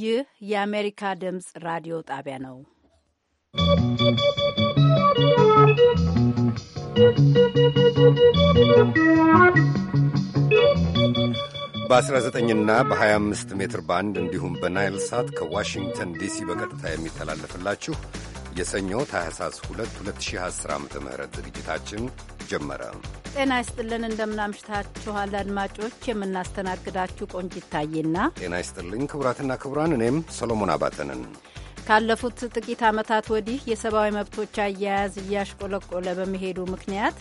ይህ የአሜሪካ ድምፅ ራዲዮ ጣቢያ ነው። በ19ና በ25 ሜትር ባንድ እንዲሁም በናይል ሳት ከዋሽንግተን ዲሲ በቀጥታ የሚተላለፍላችሁ የሰኞ ታህሳስ 2 2010 ዓ ም ዝግጅታችን ጀመረ። ጤና ይስጥልን፣ እንደምናምሽታችኋል አድማጮች። የምናስተናግዳችሁ ቆንጂት ታዬና ጤና ይስጥልኝ ክቡራትና ክቡራን፣ እኔም ሰሎሞን አባተንን ካለፉት ጥቂት ዓመታት ወዲህ የሰብአዊ መብቶች አያያዝ እያሽቆለቆለ በመሄዱ ምክንያት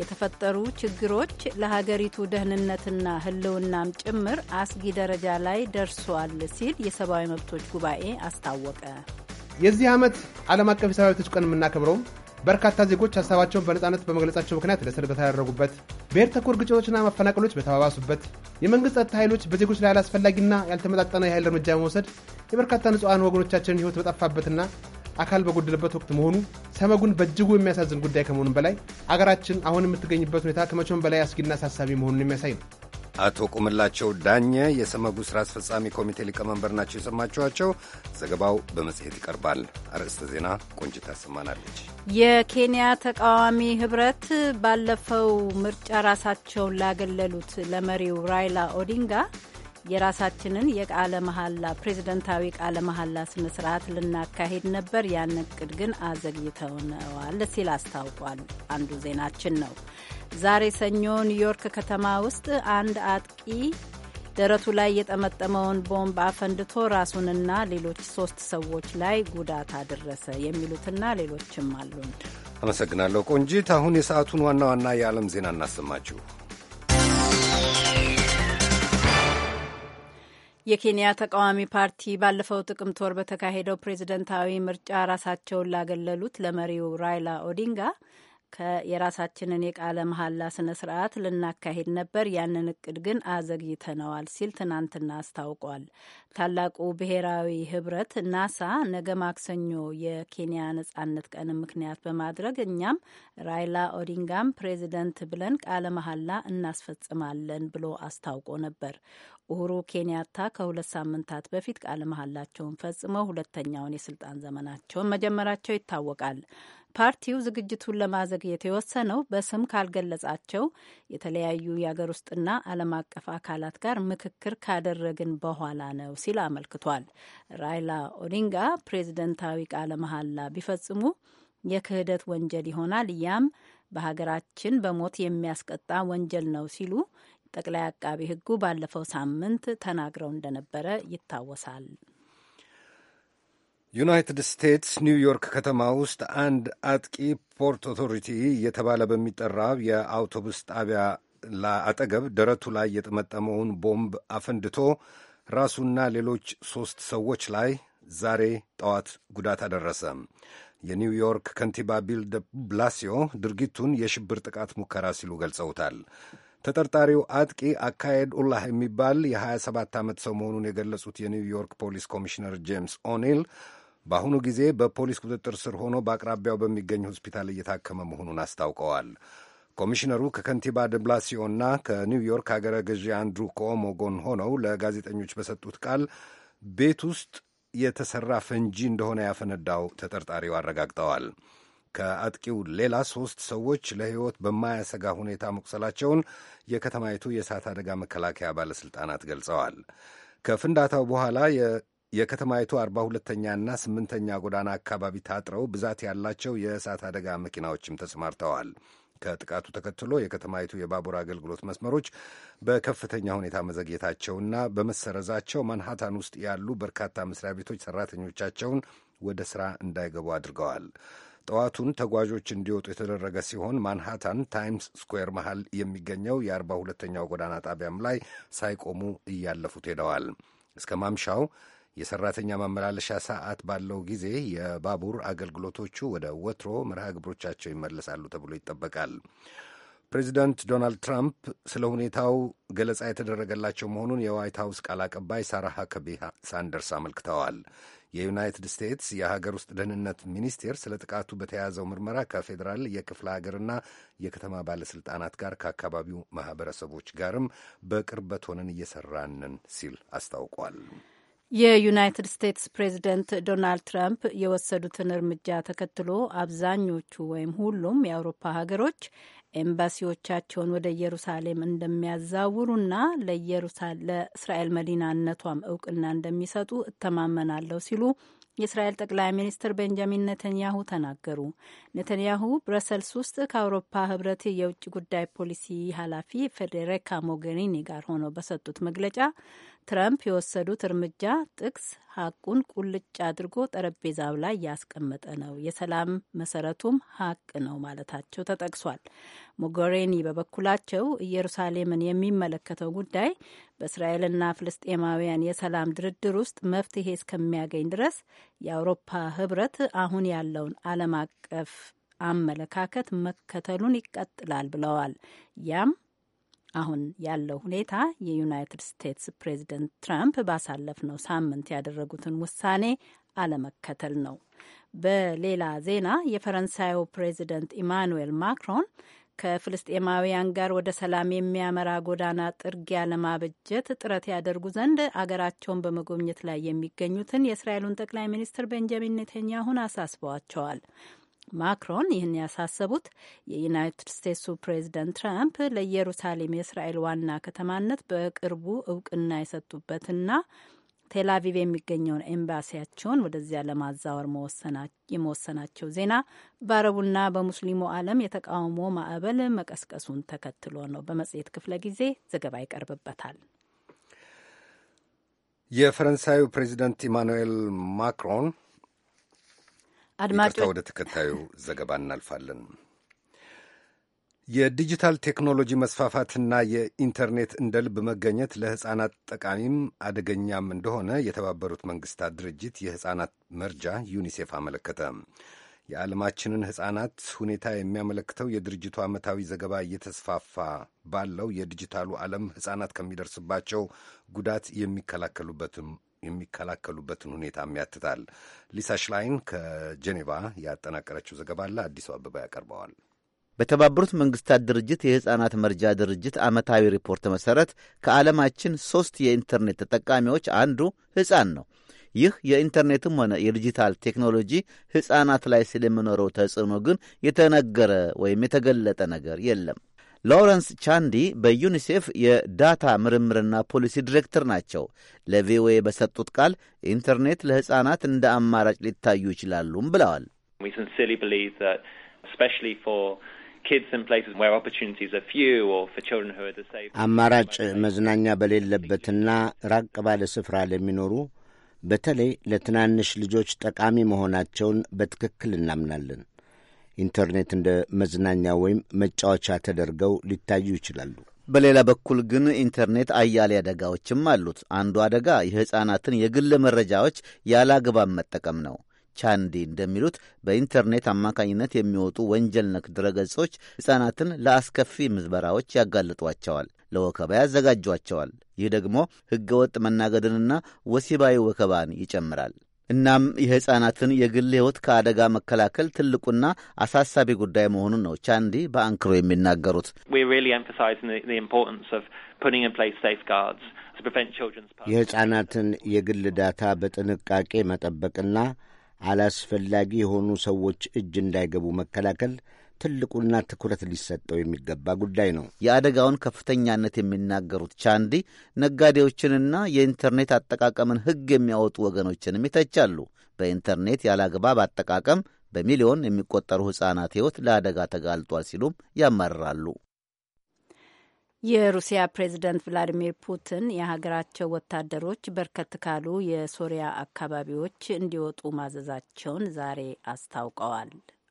የተፈጠሩ ችግሮች ለሀገሪቱ ደህንነትና ሕልውናም ጭምር አስጊ ደረጃ ላይ ደርሷል ሲል የሰብአዊ መብቶች ጉባኤ አስታወቀ። የዚህ ዓመት ዓለም አቀፍ የሰብአዊ መብቶች ቀን የምናከብረውም በርካታ ዜጎች ሀሳባቸውን በነፃነት በመግለጻቸው ምክንያት ለእስር በተዳረጉበት፣ ብሔር ተኮር ግጭቶችና መፈናቀሎች በተባባሱበት፣ የመንግሥት ጸጥታ ኃይሎች በዜጎች ላይ አላስፈላጊና ያልተመጣጠነ የኃይል እርምጃ በመውሰድ የበርካታ ንጹሐን ወገኖቻችንን ሕይወት በጠፋበትና አካል በጎደለበት ወቅት መሆኑ ሰመጉን በእጅጉ የሚያሳዝን ጉዳይ ከመሆኑም በላይ አገራችን አሁን የምትገኝበት ሁኔታ ከመቼውም በላይ አስጊና አሳሳቢ መሆኑን የሚያሳይ ነው። አቶ ቁምላቸው ዳኘ የሰመጉ ሥራ አስፈጻሚ ኮሚቴ ሊቀመንበር ናቸው የሰማችኋቸው። ዘገባው በመጽሔት ይቀርባል። አርዕስተ ዜና ቆንጅት ታሰማናለች። የኬንያ ተቃዋሚ ህብረት ባለፈው ምርጫ ራሳቸውን ላገለሉት ለመሪው ራይላ ኦዲንጋ የራሳችንን የቃለ መሐላ ፕሬዝደንታዊ ቃለ መሐላ ስነ ስርዓት ልናካሄድ ነበር፣ ያን እቅድ ግን አዘግይተውነዋል ሲል አስታውቋል። አንዱ ዜናችን ነው። ዛሬ ሰኞ ኒውዮርክ ከተማ ውስጥ አንድ አጥቂ ደረቱ ላይ የጠመጠመውን ቦምብ አፈንድቶ ራሱንና ሌሎች ሶስት ሰዎች ላይ ጉዳት አደረሰ። የሚሉትና ሌሎችም አሉን። አመሰግናለሁ ቆንጂት። አሁን የሰዓቱን ዋና ዋና የዓለም ዜና እናሰማችሁ። የኬንያ ተቃዋሚ ፓርቲ ባለፈው ጥቅምት ወር በተካሄደው ፕሬዝደንታዊ ምርጫ ራሳቸውን ላገለሉት ለመሪው ራይላ ኦዲንጋ የራሳችንን የቃለ መሐላ ስነ ስርዓት ልናካሄድ ነበር። ያንን እቅድ ግን አዘግይተነዋል ሲል ትናንትና አስታውቋል። ታላቁ ብሔራዊ ህብረት ናሳ ነገ ማክሰኞ የኬንያ ነጻነት ቀን ምክንያት በማድረግ እኛም ራይላ ኦዲንጋም ፕሬዚደንት ብለን ቃለ መሐላ እናስፈጽማለን ብሎ አስታውቆ ነበር። ኡሁሩ ኬንያታ ከሁለት ሳምንታት በፊት ቃለ መሐላቸውን ፈጽመው ሁለተኛውን የስልጣን ዘመናቸውን መጀመራቸው ይታወቃል። ፓርቲው ዝግጅቱን ለማዘግየት የወሰነው በስም ካልገለጻቸው የተለያዩ የአገር ውስጥና ዓለም አቀፍ አካላት ጋር ምክክር ካደረግን በኋላ ነው ሲል አመልክቷል። ራይላ ኦዲንጋ ፕሬዝደንታዊ ቃለ መሐላ ቢፈጽሙ የክህደት ወንጀል ይሆናል፣ ያም በሀገራችን በሞት የሚያስቀጣ ወንጀል ነው ሲሉ ጠቅላይ አቃቢ ሕጉ ባለፈው ሳምንት ተናግረው እንደነበረ ይታወሳል። ዩናይትድ ስቴትስ ኒውዮርክ ከተማ ውስጥ አንድ አጥቂ ፖርት ኦቶሪቲ እየተባለ በሚጠራው የአውቶቡስ ጣቢያ አጠገብ ደረቱ ላይ የጠመጠመውን ቦምብ አፈንድቶ ራሱና ሌሎች ሦስት ሰዎች ላይ ዛሬ ጠዋት ጉዳት አደረሰ። የኒውዮርክ ከንቲባ ቢል ደ ብላሲዮ ድርጊቱን የሽብር ጥቃት ሙከራ ሲሉ ገልጸውታል። ተጠርጣሪው አጥቂ አካሄድ ኡላህ የሚባል የ27 ዓመት ሰው መሆኑን የገለጹት የኒውዮርክ ፖሊስ ኮሚሽነር ጄምስ ኦኒል በአሁኑ ጊዜ በፖሊስ ቁጥጥር ስር ሆኖ በአቅራቢያው በሚገኝ ሆስፒታል እየታከመ መሆኑን አስታውቀዋል። ኮሚሽነሩ ከከንቲባ ደብላሲዮና ከኒውዮርክ አገረ ገዢ አንድሩ ኮሞ ጎን ሆነው ለጋዜጠኞች በሰጡት ቃል ቤት ውስጥ የተሰራ ፈንጂ እንደሆነ ያፈነዳው ተጠርጣሪው አረጋግጠዋል። ከአጥቂው ሌላ ሶስት ሰዎች ለሕይወት በማያሰጋ ሁኔታ መቁሰላቸውን የከተማይቱ የእሳት አደጋ መከላከያ ባለሥልጣናት ገልጸዋል። ከፍንዳታው በኋላ የከተማይቱ አርባ ሁለተኛና ስምንተኛ ጎዳና አካባቢ ታጥረው ብዛት ያላቸው የእሳት አደጋ መኪናዎችም ተሰማርተዋል። ከጥቃቱ ተከትሎ የከተማይቱ የባቡር አገልግሎት መስመሮች በከፍተኛ ሁኔታ መዘግየታቸውና በመሰረዛቸው ማንሃታን ውስጥ ያሉ በርካታ መስሪያ ቤቶች ሰራተኞቻቸውን ወደ ስራ እንዳይገቡ አድርገዋል። ጠዋቱን ተጓዦች እንዲወጡ የተደረገ ሲሆን ማንሃታን ታይምስ ስኩዌር መሃል የሚገኘው የአርባ ሁለተኛው ጎዳና ጣቢያም ላይ ሳይቆሙ እያለፉት ሄደዋል። እስከ ማምሻው የሰራተኛ ማመላለሻ ሰዓት ባለው ጊዜ የባቡር አገልግሎቶቹ ወደ ወትሮ መርሃ ግብሮቻቸው ይመለሳሉ ተብሎ ይጠበቃል። ፕሬዚዳንት ዶናልድ ትራምፕ ስለ ሁኔታው ገለጻ የተደረገላቸው መሆኑን የዋይት ሀውስ ቃል አቀባይ ሳራ ሀከቢ ሳንደርስ አመልክተዋል። የዩናይትድ ስቴትስ የሀገር ውስጥ ደህንነት ሚኒስቴር ስለ ጥቃቱ በተያያዘው ምርመራ ከፌዴራል የክፍለ ሀገርና የከተማ ባለስልጣናት ጋር ከአካባቢው ማህበረሰቦች ጋርም በቅርበት ሆነን እየሰራንን ሲል አስታውቋል። የዩናይትድ ስቴትስ ፕሬዚደንት ዶናልድ ትራምፕ የወሰዱትን እርምጃ ተከትሎ አብዛኞቹ ወይም ሁሉም የአውሮፓ ሀገሮች ኤምባሲዎቻቸውን ወደ ኢየሩሳሌም እንደሚያዛውሩና ለእስራኤል መዲናነቷም እውቅና እንደሚሰጡ እተማመናለሁ ሲሉ የእስራኤል ጠቅላይ ሚኒስትር ቤንጃሚን ኔተንያሁ ተናገሩ። ኔተንያሁ ብረሰልስ ውስጥ ከአውሮፓ ሕብረት የውጭ ጉዳይ ፖሊሲ ኃላፊ ፌዴሪካ ሞገሪኒ ጋር ሆነው በሰጡት መግለጫ ትረምፕ የወሰዱት እርምጃ ጥቅስ ሀቁን ቁልጭ አድርጎ ጠረጴዛው ላይ ያስቀመጠ ነው፣ የሰላም መሰረቱም ሀቅ ነው ማለታቸው ተጠቅሷል። ሞጎሬኒ በበኩላቸው ኢየሩሳሌምን የሚመለከተው ጉዳይ በእስራኤልና ፍልስጤማውያን የሰላም ድርድር ውስጥ መፍትሄ እስከሚያገኝ ድረስ የአውሮፓ ህብረት አሁን ያለውን ዓለም አቀፍ አመለካከት መከተሉን ይቀጥላል ብለዋል። ያም አሁን ያለው ሁኔታ የዩናይትድ ስቴትስ ፕሬዚደንት ትራምፕ ባሳለፍነው ሳምንት ያደረጉትን ውሳኔ አለመከተል ነው። በሌላ ዜና የፈረንሳዩ ፕሬዚደንት ኢማኑኤል ማክሮን ከፍልስጤማውያን ጋር ወደ ሰላም የሚያመራ ጎዳና ጥርጊያ ለማበጀት ጥረት ያደርጉ ዘንድ አገራቸውን በመጎብኘት ላይ የሚገኙትን የእስራኤሉን ጠቅላይ ሚኒስትር ቤንጃሚን ኔተንያሁን አሳስበዋቸዋል። ማክሮን ይህን ያሳሰቡት የዩናይትድ ስቴትሱ ፕሬዚደንት ትራምፕ ለኢየሩሳሌም የእስራኤል ዋና ከተማነት በቅርቡ እውቅና የሰጡበትና ቴላቪቭ የሚገኘውን ኤምባሲያቸውን ወደዚያ ለማዛወር የመወሰናቸው ዜና በአረቡና በሙስሊሙ ዓለም የተቃውሞ ማዕበል መቀስቀሱን ተከትሎ ነው። በመጽሔት ክፍለ ጊዜ ዘገባ ይቀርብበታል። የፈረንሳዩ ፕሬዚደንት ኢማኑኤል ማክሮን አድማጮች ወደ ተከታዩ ዘገባ እናልፋለን። የዲጂታል ቴክኖሎጂ መስፋፋትና የኢንተርኔት እንደ ልብ መገኘት ለሕፃናት ጠቃሚም አደገኛም እንደሆነ የተባበሩት መንግስታት ድርጅት የሕፃናት መርጃ ዩኒሴፍ አመለከተ። የዓለማችንን ሕፃናት ሁኔታ የሚያመለክተው የድርጅቱ ዓመታዊ ዘገባ እየተስፋፋ ባለው የዲጂታሉ ዓለም ሕፃናት ከሚደርስባቸው ጉዳት የሚከላከሉበትም የሚከላከሉበትን ሁኔታም ያትታል። ሊሳ ሽላይን ከጄኔቫ ያጠናቀረችው ዘገባ አዲሱ አበባ ያቀርበዋል። በተባበሩት መንግስታት ድርጅት የሕፃናት መርጃ ድርጅት ዓመታዊ ሪፖርት መሠረት ከዓለማችን ሦስት የኢንተርኔት ተጠቃሚዎች አንዱ ሕፃን ነው። ይህ የኢንተርኔትም ሆነ የዲጂታል ቴክኖሎጂ ሕፃናት ላይ ስለሚኖረው ተጽዕኖ ግን የተነገረ ወይም የተገለጠ ነገር የለም። ሎረንስ ቻንዲ በዩኒሴፍ የዳታ ምርምርና ፖሊሲ ዲሬክተር ናቸው። ለቪኦኤ በሰጡት ቃል ኢንተርኔት ለሕፃናት እንደ አማራጭ ሊታዩ ይችላሉም ብለዋል። አማራጭ መዝናኛ በሌለበትና ራቅ ባለ ስፍራ ለሚኖሩ በተለይ ለትናንሽ ልጆች ጠቃሚ መሆናቸውን በትክክል እናምናለን። ኢንተርኔት እንደ መዝናኛ ወይም መጫወቻ ተደርገው ሊታዩ ይችላሉ። በሌላ በኩል ግን ኢንተርኔት አያሌ አደጋዎችም አሉት። አንዱ አደጋ የሕፃናትን የግል መረጃዎች ያለ አግባብ መጠቀም ነው። ቻንዲ እንደሚሉት በኢንተርኔት አማካኝነት የሚወጡ ወንጀል ነክ ድረገጾች ሕፃናትን ለአስከፊ ምዝበራዎች ያጋልጧቸዋል፣ ለወከባ ያዘጋጇቸዋል። ይህ ደግሞ ሕገወጥ መናገድንና ወሲባዊ ወከባን ይጨምራል። እናም የሕፃናትን የግል ሕይወት ከአደጋ መከላከል ትልቁና አሳሳቢ ጉዳይ መሆኑን ነው ቻንዲ በአንክሮ የሚናገሩት። የሕፃናትን የግል ዳታ በጥንቃቄ መጠበቅና አላስፈላጊ የሆኑ ሰዎች እጅ እንዳይገቡ መከላከል ትልቁና ትኩረት ሊሰጠው የሚገባ ጉዳይ ነው። የአደጋውን ከፍተኛነት የሚናገሩት ቻንዲ ነጋዴዎችንና የኢንተርኔት አጠቃቀምን ሕግ የሚያወጡ ወገኖችንም ይተቻሉ። በኢንተርኔት ያላግባብ አጠቃቀም በሚሊዮን የሚቆጠሩ ሕፃናት ሕይወት ለአደጋ ተጋልጧል ሲሉም ያማርራሉ። የሩሲያ ፕሬዝደንት ቭላዲሚር ፑቲን የሀገራቸው ወታደሮች በርከት ካሉ የሶሪያ አካባቢዎች እንዲወጡ ማዘዛቸውን ዛሬ አስታውቀዋል።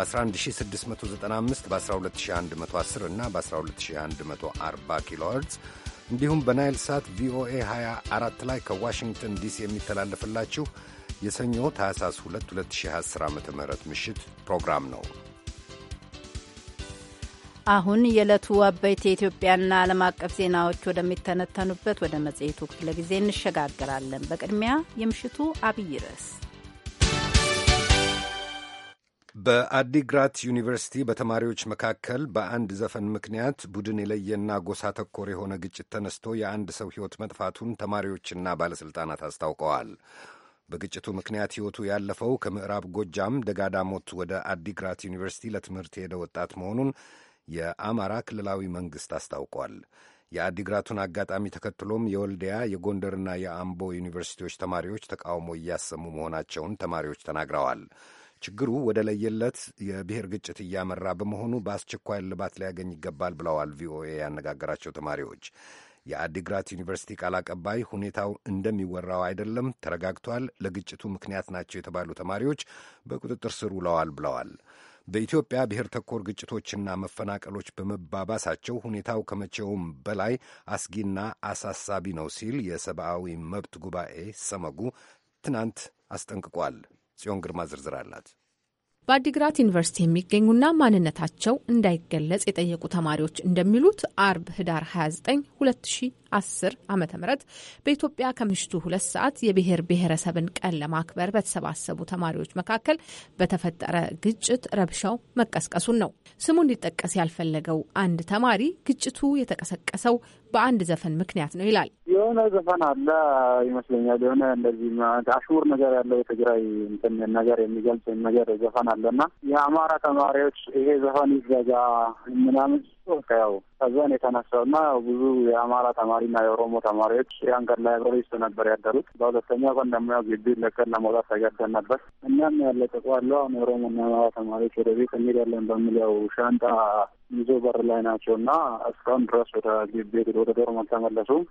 በ11695 በ12110 እና በ12140 ኪሎ ሄርዝ እንዲሁም በናይል ሳት ቪኦኤ 24 ላይ ከዋሽንግተን ዲሲ የሚተላለፍላችሁ የሰኞ ታህሳስ 2 2010 ዓ ም ምሽት ፕሮግራም ነው። አሁን የዕለቱ አበይት የኢትዮጵያና ዓለም አቀፍ ዜናዎች ወደሚተነተኑበት ወደ መጽሔቱ ክፍለ ጊዜ እንሸጋግራለን። በቅድሚያ የምሽቱ አብይ ርዕስ በአዲግራት ዩኒቨርሲቲ በተማሪዎች መካከል በአንድ ዘፈን ምክንያት ቡድን የለየና ጎሳ ተኮር የሆነ ግጭት ተነስቶ የአንድ ሰው ሕይወት መጥፋቱን ተማሪዎችና ባለሥልጣናት አስታውቀዋል። በግጭቱ ምክንያት ሕይወቱ ያለፈው ከምዕራብ ጎጃም ደጋዳሞት ወደ አዲግራት ዩኒቨርሲቲ ለትምህርት የሄደ ወጣት መሆኑን የአማራ ክልላዊ መንግሥት አስታውቋል። የአዲግራቱን አጋጣሚ ተከትሎም የወልዲያ የጎንደርና የአምቦ ዩኒቨርሲቲዎች ተማሪዎች ተቃውሞ እያሰሙ መሆናቸውን ተማሪዎች ተናግረዋል። ችግሩ ወደ ለየለት የብሔር ግጭት እያመራ በመሆኑ በአስቸኳይ ልባት ሊያገኝ ይገባል ብለዋል ቪኦኤ ያነጋገራቸው ተማሪዎች። የአዲግራት ዩኒቨርሲቲ ቃል አቀባይ ሁኔታው እንደሚወራው አይደለም፣ ተረጋግቷል። ለግጭቱ ምክንያት ናቸው የተባሉ ተማሪዎች በቁጥጥር ስር ውለዋል ብለዋል። በኢትዮጵያ ብሔር ተኮር ግጭቶችና መፈናቀሎች በመባባሳቸው ሁኔታው ከመቼውም በላይ አስጊና አሳሳቢ ነው ሲል የሰብአዊ መብት ጉባኤ ሰመጉ ትናንት አስጠንቅቋል። ጽዮን ግርማ ዝርዝር አላት። በአዲግራት ዩኒቨርሲቲ የሚገኙና ማንነታቸው እንዳይገለጽ የጠየቁ ተማሪዎች እንደሚሉት አርብ ህዳር 29 10 ዓ ም በኢትዮጵያ ከምሽቱ ሁለት ሰዓት የብሔር ብሔረሰብን ቀን ለማክበር በተሰባሰቡ ተማሪዎች መካከል በተፈጠረ ግጭት ረብሻው መቀስቀሱን ነው። ስሙ እንዲጠቀስ ያልፈለገው አንድ ተማሪ ግጭቱ የተቀሰቀሰው በአንድ ዘፈን ምክንያት ነው ይላል። የሆነ ዘፈን አለ ይመስለኛል። የሆነ እንደዚህ አሽሙር ነገር ያለው የትግራይ እንትን ነገር የሚገልጽ ነገር ዘፈን አለና የአማራ ተማሪዎች ይሄ ዘፈን ይዘጋ ምናምን በቃ ያው ከዛን የተነሳው እና ብዙ የአማራ ተማሪና የኦሮሞ ተማሪዎች የአንገድ ላይ አብረው ነበር ያደሩት። በሁለተኛ ቀን ደግሞ ያው ግቢ ለቀን ለመውጣት ተገደን ነበር። እኛም ያለ ያለቀቋለው አሁን የኦሮሞና የአማራ ተማሪዎች ወደ ቤት እንሄዳለን በሚል ያው ሻንጣ ይዞ በር ላይ ናቸው እና እስካሁን ድረስ ወደ ቤት ወደ ዶርም አልተመለሱም።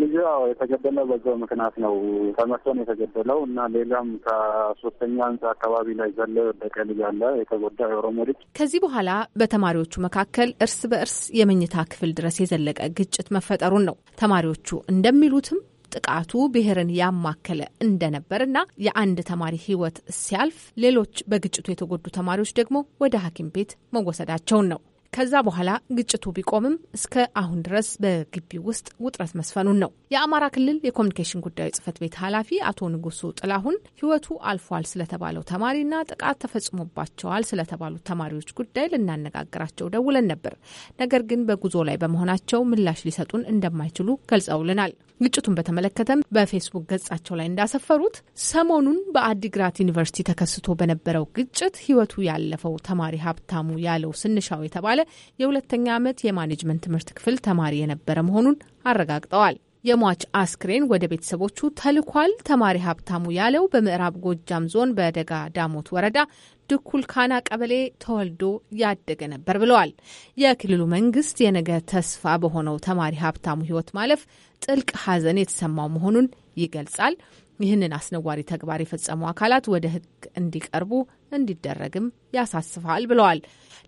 ልጅ ያው የተገደለው በዛው ምክንያት ነው። ተመሰን የተገደለው እና ሌላም ከሶስተኛ ህንፃ አካባቢ ላይ ዘለ የወደቀ ልጅ አለ የተጎዳ የኦሮሞ ልጅ። ከዚህ በኋላ በተማሪዎቹ መካከል እርስ በእርስ የመኝታ ክፍል ድረስ የዘለቀ ግጭት መፈጠሩን ነው ተማሪዎቹ እንደሚሉትም ጥቃቱ ብሔርን ያማከለ እንደነበርና የአንድ ተማሪ ህይወት ሲያልፍ ሌሎች በግጭቱ የተጎዱ ተማሪዎች ደግሞ ወደ ሐኪም ቤት መወሰዳቸውን ነው ከዛ በኋላ ግጭቱ ቢቆምም እስከ አሁን ድረስ በግቢ ውስጥ ውጥረት መስፈኑን ነው። የአማራ ክልል የኮሚኒኬሽን ጉዳዮች ጽህፈት ቤት ኃላፊ አቶ ንጉሱ ጥላሁን ህይወቱ አልፏል ስለተባለው ተማሪና ጥቃት ተፈጽሞባቸዋል ስለተባሉት ተማሪዎች ጉዳይ ልናነጋግራቸው ደውለን ነበር። ነገር ግን በጉዞ ላይ በመሆናቸው ምላሽ ሊሰጡን እንደማይችሉ ገልጸውልናል። ግጭቱን በተመለከተም በፌስቡክ ገጻቸው ላይ እንዳሰፈሩት ሰሞኑን በአዲግራት ዩኒቨርሲቲ ተከስቶ በነበረው ግጭት ህይወቱ ያለፈው ተማሪ ሀብታሙ ያለው ስንሻው የተባለ የሁለተኛ ዓመት የማኔጅመንት ትምህርት ክፍል ተማሪ የነበረ መሆኑን አረጋግጠዋል። የሟች አስክሬን ወደ ቤተሰቦቹ ተልኳል። ተማሪ ሀብታሙ ያለው በምዕራብ ጎጃም ዞን በደጋ ዳሞት ወረዳ ድኩል ካና ቀበሌ ተወልዶ ያደገ ነበር ብለዋል። የክልሉ መንግስት የነገ ተስፋ በሆነው ተማሪ ሀብታሙ ሕይወት ማለፍ ጥልቅ ሐዘን የተሰማው መሆኑን ይገልጻል። ይህንን አስነዋሪ ተግባር የፈጸሙ አካላት ወደ ሕግ እንዲቀርቡ እንዲደረግም ያሳስፋል ብለዋል።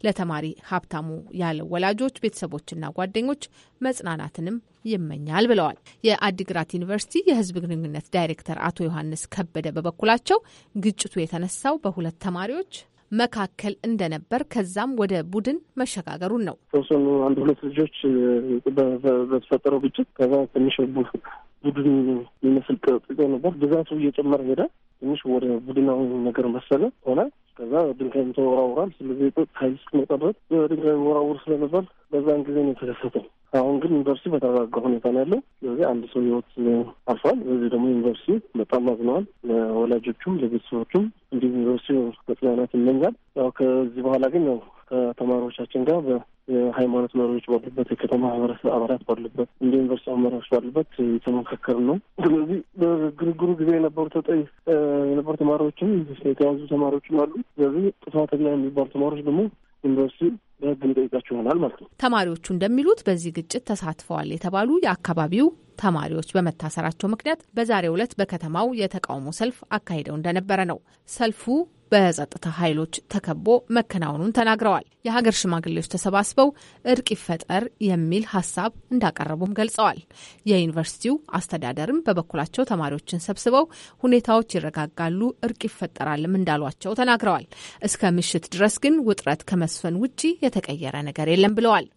ለተማሪ ሀብታሙ ያለው ወላጆች፣ ቤተሰቦችና ጓደኞች መጽናናትንም ይመኛል ብለዋል። የአዲግራት ዩኒቨርሲቲ የህዝብ ግንኙነት ዳይሬክተር አቶ ዮሐንስ ከበደ በበኩላቸው ግጭቱ የተነሳው በሁለት ተማሪዎች መካከል እንደነበር ከዛም ወደ ቡድን መሸጋገሩን ነው። ተወሰኑ አንድ ሁለት ልጆች በተፈጠረው ግጭት ከዛ ትንሽ ቡድን የሚመስል ጥጦ ነበር። ብዛቱ እየጨመረ ሄደ። ትንሽ ወደ ቡድናዊ ነገር መሰለ ሆነ። ከዛ ድንጋይ ተወራውራል። ስለዚህ ጥ ኃይል እስክመጣ ድረስ ወራውር ስለነበር በዛን ጊዜ ነው የተከሰተው። አሁን ግን ዩኒቨርሲቲ በተረጋጋ ሁኔታ ነው ያለው። ስለዚህ አንድ ሰው ህይወት አልፏል። በዚህ ደግሞ ዩኒቨርሲቲ በጣም አዝነዋል። ለወላጆቹም ለቤተሰቦቹም እንዲሁም ዩኒቨርሲቲ መጽናናት ይመኛል። ያው ከዚህ በኋላ ግን ያው ከተማሪዎቻችን ጋር በሃይማኖት መሪዎች ባሉበት፣ የከተማ ማህበረሰብ አባላት ባሉበት፣ እንደ ዩኒቨርሲቲ አመራሮች ባሉበት የተመካከር ነው። ስለዚህ በግርግሩ ጊዜ የነበሩ ተጠይ የነበሩ ተማሪዎችም የተያዙ ተማሪዎችም አሉ። ስለዚህ ጥፋተኛ የሚባሉ ተማሪዎች ደግሞ ዩኒቨርሲቲ በህግ እንጠይቃቸው ይሆናል ማለት ነው። ተማሪዎቹ እንደሚሉት በዚህ ግጭት ተሳትፈዋል የተባሉ የአካባቢው ተማሪዎች በመታሰራቸው ምክንያት በዛሬው ዕለት በከተማው የተቃውሞ ሰልፍ አካሂደው እንደነበረ ነው። ሰልፉ በጸጥታ ኃይሎች ተከቦ መከናወኑን ተናግረዋል። የሀገር ሽማግሌዎች ተሰባስበው እርቅ ይፈጠር የሚል ሀሳብ እንዳቀረቡም ገልጸዋል። የዩኒቨርሲቲው አስተዳደርም በበኩላቸው ተማሪዎችን ሰብስበው ሁኔታዎች ይረጋጋሉ፣ እርቅ ይፈጠራልም እንዳሏቸው ተናግረዋል። እስከ ምሽት ድረስ ግን ውጥረት ከመስፈን ውጪ የተቀየረ ነገር የለም ብለዋል።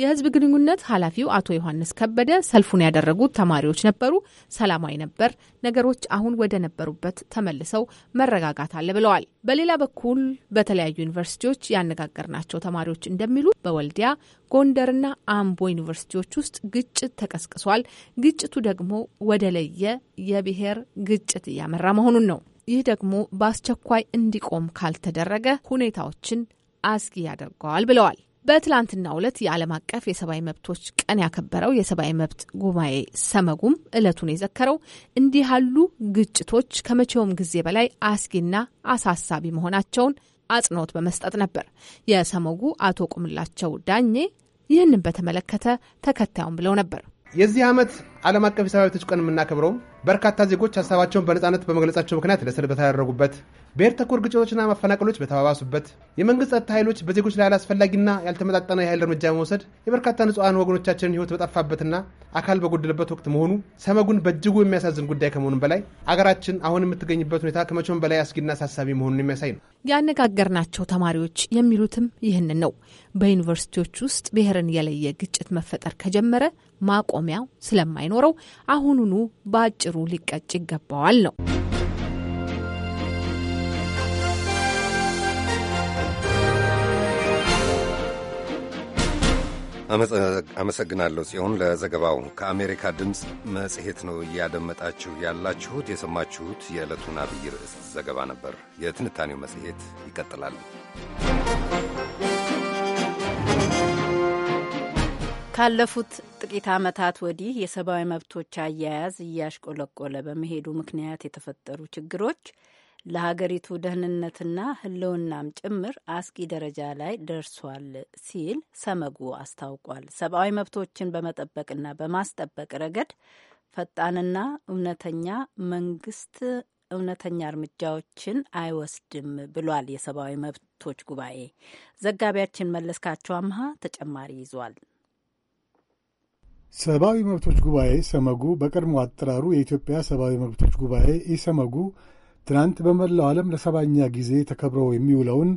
የህዝብ ግንኙነት ኃላፊው አቶ ዮሐንስ ከበደ ሰልፉን ያደረጉት ተማሪዎች ነበሩ፣ ሰላማዊ ነበር፣ ነገሮች አሁን ወደ ነበሩበት ተመልሰው መረጋጋት አለ ብለዋል። በሌላ በኩል በተለያዩ ዩኒቨርሲቲዎች ያነጋገርናቸው ተማሪዎች እንደሚሉ በወልዲያ ጎንደርና አምቦ ዩኒቨርሲቲዎች ውስጥ ግጭት ተቀስቅሷል። ግጭቱ ደግሞ ወደ ለየ የብሔር ግጭት እያመራ መሆኑን ነው። ይህ ደግሞ በአስቸኳይ እንዲቆም ካልተደረገ ሁኔታዎችን አስጊ ያደርገዋል ብለዋል። በትላንትናው ዕለት የዓለም አቀፍ የሰብአዊ መብቶች ቀን ያከበረው የሰብአዊ መብት ጉባኤ ሰመጉም ዕለቱን የዘከረው እንዲህ ያሉ ግጭቶች ከመቼውም ጊዜ በላይ አስጊና አሳሳቢ መሆናቸውን አጽንኦት በመስጠት ነበር። የሰመጉ አቶ ቁምላቸው ዳኜ ይህንን በተመለከተ ተከታዩም ብለው ነበር። የዚህ ዓመት ዓለም አቀፍ የሰብአዊ መብቶች ቀን የምናከብረው በርካታ ዜጎች ሀሳባቸውን በነፃነት በመግለጻቸው ምክንያት ለእስር በተዳረጉበት፣ ብሔር ተኮር ግጭቶችና መፈናቀሎች በተባባሱበት የመንግስት ጸጥታ ኃይሎች በዜጎች ላይ አላስፈላጊና ያልተመጣጠነ የኃይል እርምጃ በመውሰድ የበርካታ ንጹሐን ወገኖቻችንን ሕይወት በጠፋበትና አካል በጎደለበት ወቅት መሆኑ ሰመጉን በእጅጉ የሚያሳዝን ጉዳይ ከመሆኑም በላይ አገራችን አሁን የምትገኝበት ሁኔታ ከመቼውም በላይ አስጊና አሳሳቢ መሆኑን የሚያሳይ ነው። ያነጋገርናቸው ተማሪዎች የሚሉትም ይህንን ነው። በዩኒቨርሲቲዎች ውስጥ ብሔርን የለየ ግጭት መፈጠር ከጀመረ ማቆሚያው ስለማይኖረው አሁኑኑ በአጭሩ ሊቀጭ ይገባዋል ነው። አመሰግናለሁ ጽዮን ለዘገባው። ከአሜሪካ ድምፅ መጽሔት ነው እያደመጣችሁ ያላችሁት። የሰማችሁት የዕለቱን አብይ ርዕስ ዘገባ ነበር። የትንታኔው መጽሔት ይቀጥላል። ካለፉት ጥቂት ዓመታት ወዲህ የሰብአዊ መብቶች አያያዝ እያሽቆለቆለ በመሄዱ ምክንያት የተፈጠሩ ችግሮች ለሀገሪቱ ደህንነትና ሕልውናም ጭምር አስጊ ደረጃ ላይ ደርሷል ሲል ሰመጉ አስታውቋል። ሰብአዊ መብቶችን በመጠበቅና በማስጠበቅ ረገድ ፈጣንና እውነተኛ መንግስት እውነተኛ እርምጃዎችን አይወስድም ብሏል የሰብአዊ መብቶች ጉባኤ። ዘጋቢያችን መለስካቸው አምሃ ተጨማሪ ይዟል። ሰብአዊ መብቶች ጉባኤ ሰመጉ በቀድሞ አጠራሩ የኢትዮጵያ ሰብአዊ መብቶች ጉባኤ ኢሰመጉ ትናንት በመላው ዓለም ለሰባኛ ጊዜ ተከብሮ የሚውለውን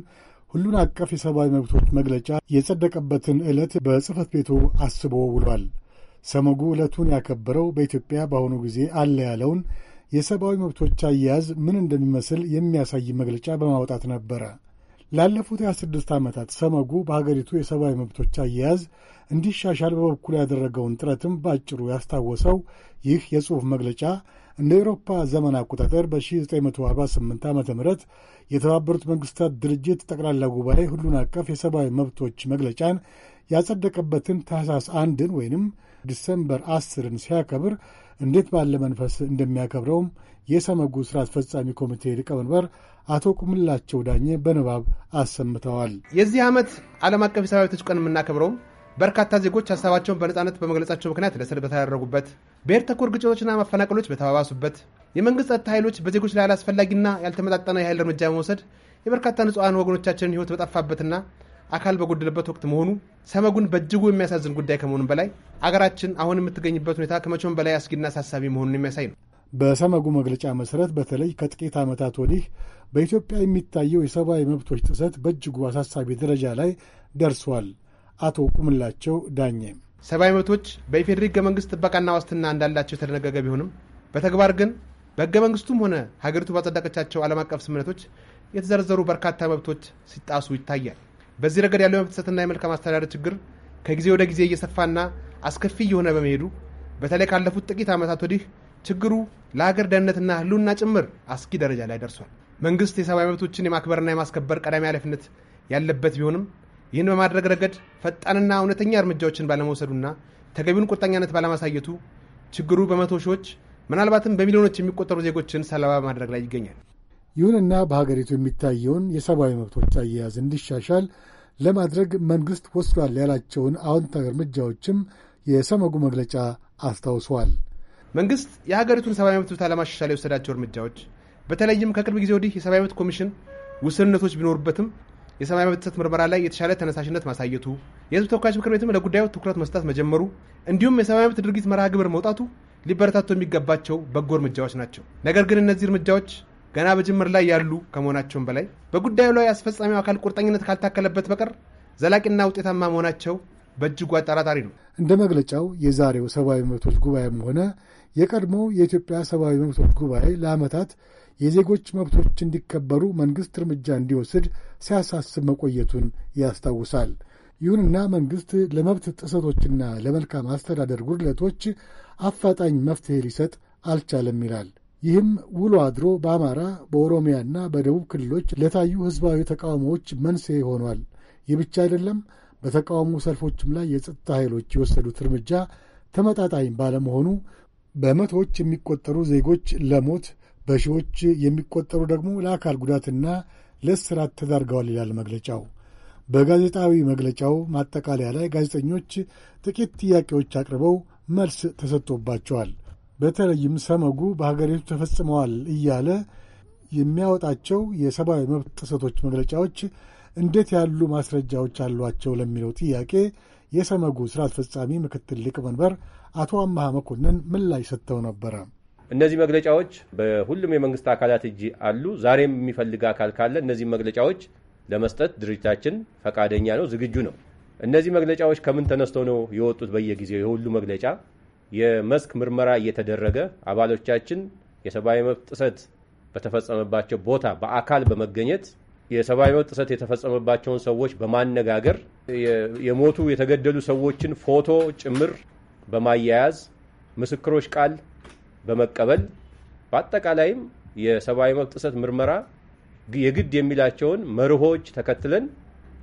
ሁሉን አቀፍ የሰብአዊ መብቶች መግለጫ የጸደቀበትን ዕለት በጽህፈት ቤቱ አስቦ ውሏል። ሰመጉ ዕለቱን ያከበረው በኢትዮጵያ በአሁኑ ጊዜ አለ ያለውን የሰብአዊ መብቶች አያያዝ ምን እንደሚመስል የሚያሳይ መግለጫ በማውጣት ነበረ። ላለፉት 26 ዓመታት ሰመጉ በሀገሪቱ የሰብአዊ መብቶች አያያዝ እንዲሻሻል በበኩሉ ያደረገውን ጥረትም በአጭሩ ያስታወሰው ይህ የጽሑፍ መግለጫ እንደ ኤሮፓ ዘመን አቆጣጠር በ1948 ዓ ም የተባበሩት መንግስታት ድርጅት ጠቅላላ ጉባኤ ሁሉን አቀፍ የሰብአዊ መብቶች መግለጫን ያጸደቀበትን ታህሳስ አንድን ወይንም ዲሰምበር አስርን ሲያከብር እንዴት ባለ መንፈስ እንደሚያከብረውም የሰመጉ ሥራ አስፈጻሚ ኮሚቴ ሊቀመንበር አቶ ቁምላቸው ዳኜ በንባብ አሰምተዋል። የዚህ ዓመት ዓለም አቀፍ የሰብአዊ መብቶች ቀን የምናከብረውም በርካታ ዜጎች ሀሳባቸውን በነፃነት በመግለጻቸው ምክንያት ለእስር በተዳረጉበት፣ ብሔር ተኮር ግጭቶችና መፈናቀሎች በተባባሱበት፣ የመንግስት ጸጥታ ኃይሎች በዜጎች ላይ አላስፈላጊና ያልተመጣጠነ የኃይል እርምጃ በመውሰድ የበርካታ ንጹሐን ወገኖቻችንን ሕይወት በጠፋበትና አካል በጎደለበት ወቅት መሆኑ ሰመጉን በእጅጉ የሚያሳዝን ጉዳይ ከመሆኑም በላይ አገራችን አሁን የምትገኝበት ሁኔታ ከመቼውም በላይ አስጊና አሳሳቢ መሆኑን የሚያሳይ ነው። በሰመጉ መግለጫ መሠረት በተለይ ከጥቂት ዓመታት ወዲህ በኢትዮጵያ የሚታየው የሰብአዊ መብቶች ጥሰት በእጅጉ አሳሳቢ ደረጃ ላይ ደርሷል አቶ ቁምላቸው ዳኘ ሰብአዊ መብቶች በኢፌዴሪ ህገ መንግስት ጥበቃና ዋስትና እንዳላቸው የተደነገገ ቢሆንም በተግባር ግን በህገ መንግስቱም ሆነ ሀገሪቱ ባጸደቀቻቸው ዓለም አቀፍ ስምምነቶች የተዘረዘሩ በርካታ መብቶች ሲጣሱ ይታያል። በዚህ ረገድ ያለው የመብት ጥሰትና የመልካም አስተዳደር ችግር ከጊዜ ወደ ጊዜ እየሰፋና አስከፊ እየሆነ በመሄዱ በተለይ ካለፉት ጥቂት ዓመታት ወዲህ ችግሩ ለሀገር ደህንነትና ህልውና ጭምር አስጊ ደረጃ ላይ ደርሷል። መንግስት የሰብአዊ መብቶችን የማክበርና የማስከበር ቀዳሚ ኃላፊነት ያለበት ቢሆንም ይህን በማድረግ ረገድ ፈጣንና እውነተኛ እርምጃዎችን ባለመውሰዱና ተገቢውን ቁርጠኛነት ባለማሳየቱ ችግሩ በመቶ ሺዎች ምናልባትም በሚሊዮኖች የሚቆጠሩ ዜጎችን ሰለባ በማድረግ ላይ ይገኛል። ይሁንና በሀገሪቱ የሚታየውን የሰብአዊ መብቶች አያያዝ እንዲሻሻል ለማድረግ መንግሥት ወስዷል ያላቸውን አዎንታዊ እርምጃዎችም የሰመጉ መግለጫ አስታውሷል። መንግሥት የሀገሪቱን ሰብአዊ መብት ለማሻሻል የወሰዳቸው እርምጃዎች በተለይም ከቅርብ ጊዜ ወዲህ የሰብአዊ መብት ኮሚሽን ውስንነቶች ቢኖሩበትም የሰብአዊ መብት ጥሰት ምርመራ ላይ የተሻለ ተነሳሽነት ማሳየቱ፣ የህዝብ ተወካዮች ምክር ቤትም ለጉዳዩ ትኩረት መስጠት መጀመሩ፣ እንዲሁም የሰብአዊ መብት ድርጊት መርሃ ግብር መውጣቱ ሊበረታቱ የሚገባቸው በጎ እርምጃዎች ናቸው። ነገር ግን እነዚህ እርምጃዎች ገና በጅምር ላይ ያሉ ከመሆናቸውም በላይ በጉዳዩ ላይ አስፈጻሚው አካል ቁርጠኝነት ካልታከለበት በቀር ዘላቂና ውጤታማ መሆናቸው በእጅጉ አጠራጣሪ ነው። እንደ መግለጫው የዛሬው ሰብአዊ መብቶች ጉባኤም ሆነ የቀድሞው የኢትዮጵያ ሰብአዊ መብቶች ጉባኤ ለዓመታት የዜጎች መብቶች እንዲከበሩ መንግሥት እርምጃ እንዲወስድ ሲያሳስብ መቆየቱን ያስታውሳል። ይሁንና መንግሥት ለመብት ጥሰቶችና ለመልካም አስተዳደር ጉድለቶች አፋጣኝ መፍትሔ ሊሰጥ አልቻለም ይላል። ይህም ውሎ አድሮ በአማራ በኦሮሚያና በደቡብ ክልሎች ለታዩ ሕዝባዊ ተቃውሞዎች መንስኤ ሆኗል። ይህ ብቻ አይደለም። በተቃውሞ ሰልፎችም ላይ የጸጥታ ኃይሎች የወሰዱት እርምጃ ተመጣጣኝ ባለመሆኑ በመቶዎች የሚቆጠሩ ዜጎች ለሞት በሺዎች የሚቆጠሩ ደግሞ ለአካል ጉዳትና ለእስራት ተዳርገዋል ይላል መግለጫው። በጋዜጣዊ መግለጫው ማጠቃለያ ላይ ጋዜጠኞች ጥቂት ጥያቄዎች አቅርበው መልስ ተሰጥቶባቸዋል። በተለይም ሰመጉ በሀገሪቱ ተፈጽመዋል እያለ የሚያወጣቸው የሰብአዊ መብት ጥሰቶች መግለጫዎች እንዴት ያሉ ማስረጃዎች አሏቸው ለሚለው ጥያቄ የሰመጉ ሥራ አስፈጻሚ ምክትል ሊቀመንበር አቶ አመሃ መኮንን ምላሽ ሰጥተው ነበረ። እነዚህ መግለጫዎች በሁሉም የመንግስት አካላት እጅ አሉ። ዛሬም የሚፈልግ አካል ካለ እነዚህ መግለጫዎች ለመስጠት ድርጅታችን ፈቃደኛ ነው፣ ዝግጁ ነው። እነዚህ መግለጫዎች ከምን ተነስተው ነው የወጡት? በየጊዜው የሁሉ መግለጫ የመስክ ምርመራ እየተደረገ አባሎቻችን የሰብአዊ መብት ጥሰት በተፈጸመባቸው ቦታ በአካል በመገኘት የሰብአዊ መብት ጥሰት የተፈጸመባቸውን ሰዎች በማነጋገር የሞቱ የተገደሉ ሰዎችን ፎቶ ጭምር በማያያዝ ምስክሮች ቃል በመቀበል በአጠቃላይም የሰብአዊ መብት ጥሰት ምርመራ የግድ የሚላቸውን መርሆች ተከትለን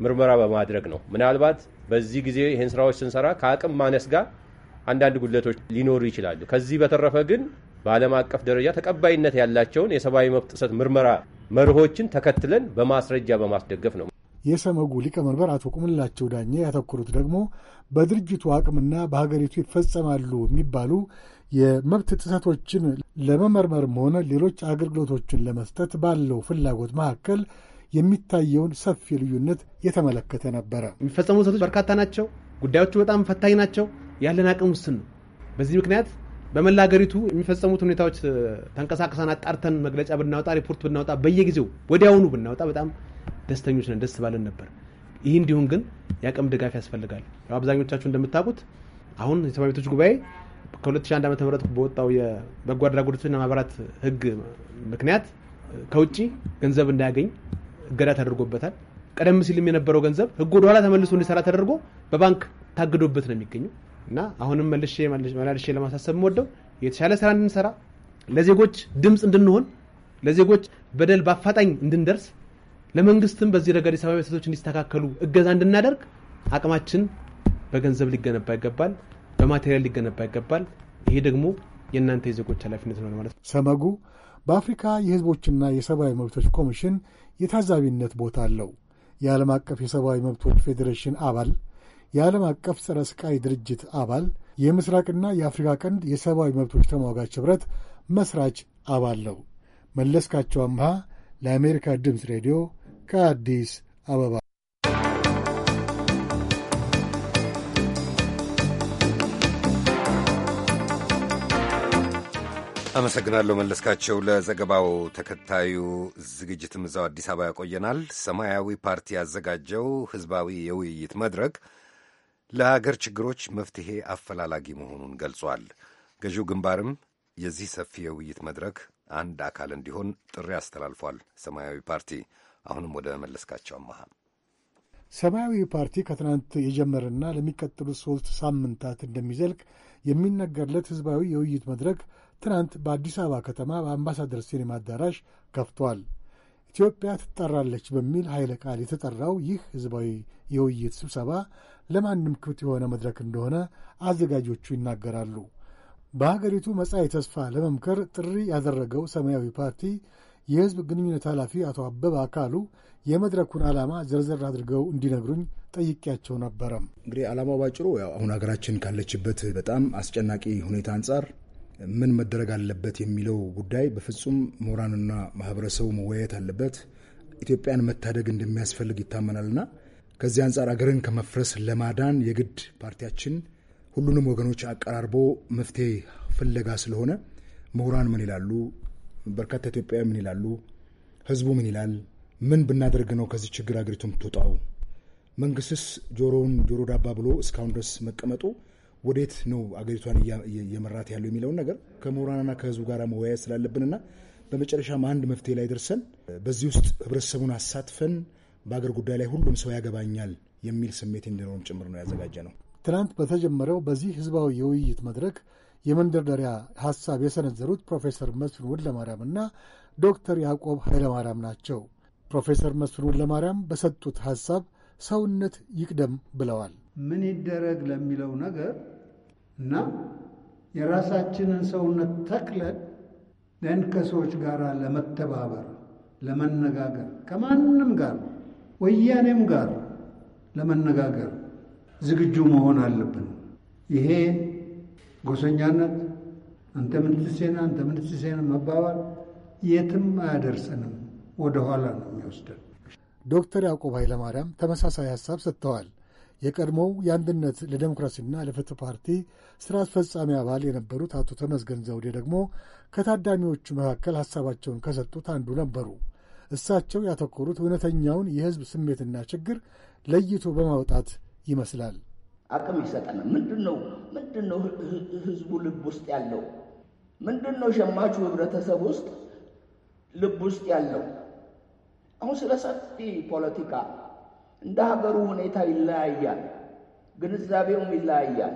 ምርመራ በማድረግ ነው። ምናልባት በዚህ ጊዜ ይህን ስራዎች ስንሰራ ከአቅም ማነስ ጋር አንዳንድ ጉድለቶች ሊኖሩ ይችላሉ። ከዚህ በተረፈ ግን በዓለም አቀፍ ደረጃ ተቀባይነት ያላቸውን የሰብአዊ መብት ጥሰት ምርመራ መርሆችን ተከትለን በማስረጃ በማስደገፍ ነው። የሰመጉ ሊቀመንበር አቶ ቁምላቸው ዳኘ ያተኮሩት ደግሞ በድርጅቱ አቅምና በሀገሪቱ ይፈጸማሉ የሚባሉ የመብት ጥሰቶችን ለመመርመርም ሆነ ሌሎች አገልግሎቶችን ለመስጠት ባለው ፍላጎት መካከል የሚታየውን ሰፊ ልዩነት የተመለከተ ነበረ። የሚፈጸሙ ጥሰቶች በርካታ ናቸው። ጉዳዮቹ በጣም ፈታኝ ናቸው። ያለን አቅም ውስን ነው። በዚህ ምክንያት በመላ ሀገሪቱ የሚፈጸሙት ሁኔታዎች ተንቀሳቀሰን አጣርተን መግለጫ ብናወጣ፣ ሪፖርት ብናወጣ፣ በየጊዜው ወዲያውኑ ብናወጣ በጣም ደስተኞች ነን፣ ደስ ባለን ነበር። ይህ እንዲሁን ግን የአቅም ድጋፍ ያስፈልጋል። አብዛኞቻችሁ እንደምታውቁት አሁን የሰብአዊ መብቶች ጉባኤ ከ2001 ዓ ም በወጣው የበጎ አድራጎቶችና ማህበራት ህግ ምክንያት ከውጭ ገንዘብ እንዳያገኝ እገዳ ተደርጎበታል። ቀደም ሲልም የነበረው ገንዘብ ህግ ወደኋላ ተመልሶ እንዲሰራ ተደርጎ በባንክ ታግዶበት ነው የሚገኘው እና አሁንም መልሼ መላልሼ ለማሳሰብ የምወደው የተሻለ ስራ እንድንሰራ፣ ለዜጎች ድምፅ እንድንሆን፣ ለዜጎች በደል በአፋጣኝ እንድንደርስ፣ ለመንግስትም በዚህ ረገድ የሰብአዊ መብቶች እንዲስተካከሉ እገዛ እንድናደርግ አቅማችን በገንዘብ ሊገነባ ይገባል። በማቴሪያል ሊገነባ ይገባል። ይሄ ደግሞ የእናንተ የዜጎች ኃላፊነት ነው ማለት ነው። ሰመጉ በአፍሪካ የህዝቦችና የሰብአዊ መብቶች ኮሚሽን የታዛቢነት ቦታ አለው። የዓለም አቀፍ የሰብአዊ መብቶች ፌዴሬሽን አባል፣ የዓለም አቀፍ ጸረ ስቃይ ድርጅት አባል፣ የምስራቅና የአፍሪካ ቀንድ የሰብአዊ መብቶች ተሟጋች ኅብረት መስራች አባል ነው። መለስካቸው አምሃ ለአሜሪካ ድምፅ ሬዲዮ ከአዲስ አበባ አመሰግናለሁ መለስካቸው ለዘገባው። ተከታዩ ዝግጅትም እዛው አዲስ አበባ ያቆየናል። ሰማያዊ ፓርቲ ያዘጋጀው ህዝባዊ የውይይት መድረክ ለሀገር ችግሮች መፍትሄ አፈላላጊ መሆኑን ገልጿል። ገዢው ግንባርም የዚህ ሰፊ የውይይት መድረክ አንድ አካል እንዲሆን ጥሪ አስተላልፏል። ሰማያዊ ፓርቲ አሁንም ወደ መለስካቸው አመሃ። ሰማያዊ ፓርቲ ከትናንት የጀመረና ለሚቀጥሉት ሶስት ሳምንታት እንደሚዘልቅ የሚነገርለት ህዝባዊ የውይይት መድረክ ትናንት በአዲስ አበባ ከተማ በአምባሳደር ሲኔማ አዳራሽ ከፍቷል። ኢትዮጵያ ትጠራለች በሚል ኃይለ ቃል የተጠራው ይህ ህዝባዊ የውይይት ስብሰባ ለማንም ክፍት የሆነ መድረክ እንደሆነ አዘጋጆቹ ይናገራሉ። በሀገሪቱ መጻኢ ተስፋ ለመምከር ጥሪ ያደረገው ሰማያዊ ፓርቲ የሕዝብ ግንኙነት ኃላፊ አቶ አበበ አካሉ የመድረኩን ዓላማ ዘርዘር አድርገው እንዲነግሩኝ ጠይቄያቸው ነበረም። እንግዲህ ዓላማው ባጭሩ ያው አሁን ሀገራችን ካለችበት በጣም አስጨናቂ ሁኔታ አንጻር ምን መደረግ አለበት የሚለው ጉዳይ በፍጹም ምሁራንና ማህበረሰቡ መወያየት አለበት። ኢትዮጵያን መታደግ እንደሚያስፈልግ ይታመናልና ከዚህ አንጻር አገርን ከመፍረስ ለማዳን የግድ ፓርቲያችን ሁሉንም ወገኖች አቀራርቦ መፍትሄ ፍለጋ ስለሆነ ምሁራን ምን ይላሉ፣ በርካታ ኢትዮጵያዊ ምን ይላሉ፣ ህዝቡ ምን ይላል፣ ምን ብናደርግ ነው ከዚህ ችግር አገሪቱም ትወጣው፣ መንግስትስ ጆሮውን ጆሮ ዳባ ብሎ እስካሁን ድረስ መቀመጡ ወዴት ነው አገሪቷን እየመራት ያለው የሚለውን ነገር ከምሁራንና ከህዝቡ ጋር መወያየት ስላለብንና በመጨረሻም አንድ መፍትሄ ላይ ደርሰን በዚህ ውስጥ ህብረተሰቡን አሳትፈን በአገር ጉዳይ ላይ ሁሉም ሰው ያገባኛል የሚል ስሜት እንዲኖርም ጭምር ነው ያዘጋጀ ነው። ትናንት በተጀመረው በዚህ ህዝባዊ የውይይት መድረክ የመንደርደሪያ ሀሳብ የሰነዘሩት ፕሮፌሰር መስፍን ወልደማርያም እና ዶክተር ያዕቆብ ኃይለማርያም ናቸው። ፕሮፌሰር መስፍን ወልደማርያም በሰጡት ሀሳብ ሰውነት ይቅደም ብለዋል። ምን ይደረግ ለሚለው ነገር እና የራሳችንን ሰውነት ተክለን ደን ከሰዎች ጋር ለመተባበር ለመነጋገር ከማንም ጋር ወያኔም ጋር ለመነጋገር ዝግጁ መሆን አለብን። ይሄ ጎሰኛነት አንተ ምንትሴና አንተ ምን መባባል የትም አያደርሰንም፣ ወደኋላ ነው የሚወስደን። ዶክተር ያዕቆብ ኃይለማርያም ተመሳሳይ ሀሳብ ሰጥተዋል። የቀድሞው የአንድነት ለዴሞክራሲና ለፍትህ ፓርቲ ሥራ አስፈጻሚ አባል የነበሩት አቶ ተመስገን ዘውዴ ደግሞ ከታዳሚዎቹ መካከል ሐሳባቸውን ከሰጡት አንዱ ነበሩ። እሳቸው ያተኮሩት እውነተኛውን የሕዝብ ስሜትና ችግር ለይቶ በማውጣት ይመስላል። አቅም ይሰጠን። ምንድን ነው ምንድን ነው ህዝቡ ልብ ውስጥ ያለው? ምንድን ነው ሸማቹ ህብረተሰብ ውስጥ ልብ ውስጥ ያለው? አሁን ስለ ሰፊ ፖለቲካ እንደ ሀገሩ ሁኔታ ይለያያል፣ ግንዛቤውም ይለያያል።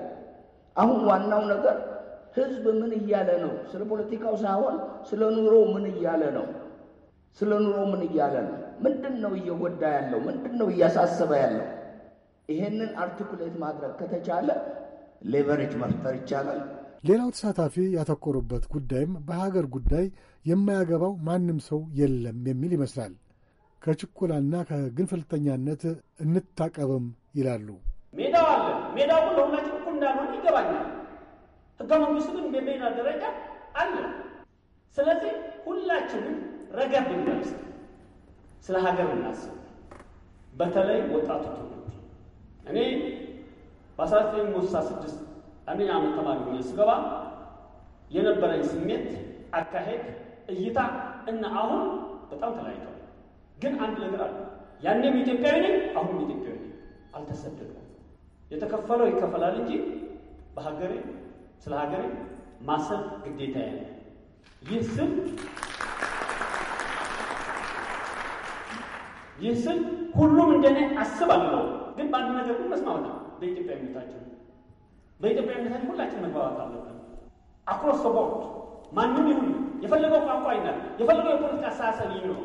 አሁን ዋናው ነገር ህዝብ ምን እያለ ነው? ስለ ፖለቲካው ሳይሆን ስለ ኑሮ ምን እያለ ነው? ስለ ኑሮ ምን እያለ ነው? ምንድን ነው እየጎዳ ያለው? ምንድን ነው እያሳሰበ ያለው? ይሄንን አርቲኩሌት ማድረግ ከተቻለ ሌቨሬጅ መፍጠር ይቻላል። ሌላው ተሳታፊ ያተኮሩበት ጉዳይም በሀገር ጉዳይ የማያገባው ማንም ሰው የለም የሚል ይመስላል። ከችኮላና ከግንፍልተኛነት እንታቀብም ይላሉ። ሜዳው አለ። ሜዳው ሁሉ ሁላችን እኩል እንዳልሆነ ይገባኛል። ህገ መንግስቱ ግን በሜዳ ደረጃ አለ። ስለዚህ ሁላችንም ረገብ ብንደርስ ስለ ሀገር እናስብ። በተለይ ወጣቱ ትውልድ እኔ በ1966 አንደኛ ዓመት ተማሪ ሆኜ ስገባ የነበረኝ ስሜት፣ አካሄድ፣ እይታ እና አሁን በጣም ተለያይቷል። ግን አንድ ነገር አለ። ያንም ኢትዮጵያዊ ነኝ፣ አሁንም ኢትዮጵያዊ ነኝ። አልተሰደድኩም። የተከፈለው ይከፈላል እንጂ በሀገሬ ስለ ሀገሬ ማሰብ ግዴታ ያለ ይህ ስም ይህ ስም ሁሉም እንደኔ አስባለሁ፣ ግን በአንድ ነገር ግን መስማማት ነው። በኢትዮጵያዊነታችን በኢትዮጵያዊነታችን ሁላችን መግባባት አለብን። አክሮስ ቦርድ ማንም ይሁን የፈለገው ቋንቋ ይናል፣ የፈለገው የፖለቲካ አስተሳሰብ ይኑረው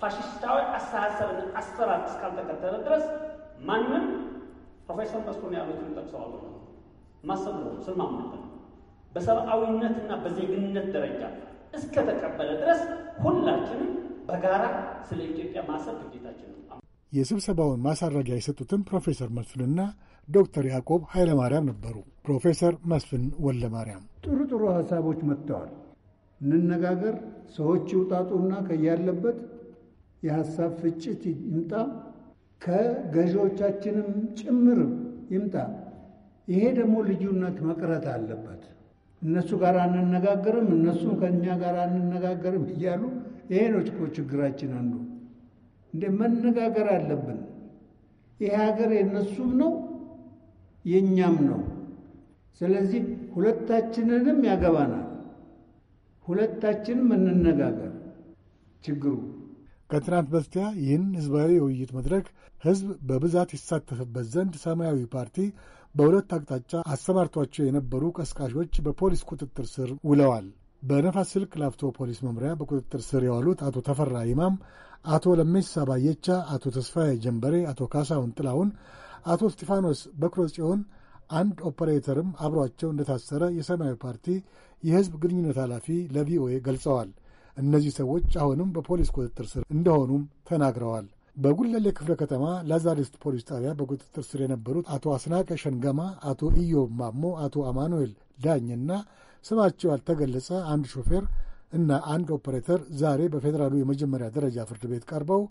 ፋሽስታዊ አስተሳሰብን አሰራር እስካልተከተለ ድረስ ማንም ፕሮፌሰር መስፍን ያሉትን ጠቅሰዋል ነው ማሰብ ነው በሰብአዊነትና በዜግነት ደረጃ እስከተቀበለ ድረስ ሁላችንም በጋራ ስለ ኢትዮጵያ ማሰብ ግዴታችን ነው። የስብሰባውን ማሳረጊያ የሰጡትም ፕሮፌሰር መስፍንና ዶክተር ያዕቆብ ኃይለማርያም ነበሩ። ፕሮፌሰር መስፍን ወልደማርያም ጥሩ ጥሩ ሀሳቦች መጥተዋል። እንነጋገር፣ ሰዎች ይውጣጡና ከያለበት የሀሳብ ፍጭት ይምጣ፣ ከገዢዎቻችንም ጭምር ይምጣ። ይሄ ደግሞ ልዩነት መቅረት አለበት። እነሱ ጋር አንነጋገርም፣ እነሱ ከእኛ ጋር አንነጋገርም እያሉ ይሄ ነው እኮ ችግራችን አንዱ። እንደ መነጋገር አለብን። ይሄ ሀገር የእነሱም ነው የእኛም ነው። ስለዚህ ሁለታችንንም ያገባናል። ሁለታችንም እንነጋገር ችግሩ ከትናንት በስቲያ ይህን ህዝባዊ የውይይት መድረክ ሕዝብ በብዛት ይሳተፍበት ዘንድ ሰማያዊ ፓርቲ በሁለት አቅጣጫ አሰማርቷቸው የነበሩ ቀስቃሾች በፖሊስ ቁጥጥር ስር ውለዋል። በነፋስ ስልክ ላፍቶ ፖሊስ መምሪያ በቁጥጥር ስር የዋሉት አቶ ተፈራ ይማም፣ አቶ ለሜሳ ባየቻ፣ አቶ ተስፋዬ ጀንበሬ፣ አቶ ካሳሁን ጥላሁን፣ አቶ እስጢፋኖስ በኩረ ጽዮን አንድ ኦፐሬተርም አብሯቸው እንደታሰረ የሰማያዊ ፓርቲ የሕዝብ ግንኙነት ኃላፊ ለቪኦኤ ገልጸዋል። እነዚህ ሰዎች አሁንም በፖሊስ ቁጥጥር ስር እንደሆኑም ተናግረዋል። በጉለሌ ክፍለ ከተማ ላዛሪስት ፖሊስ ጣቢያ በቁጥጥር ስር የነበሩት አቶ አስናቀ ሸንገማ፣ አቶ ኢዮብ ማሞ፣ አቶ አማኑኤል ዳኝና ስማቸው ያልተገለጸ አንድ ሾፌር እና አንድ ኦፐሬተር ዛሬ በፌዴራሉ የመጀመሪያ ደረጃ ፍርድ ቤት ቀርበው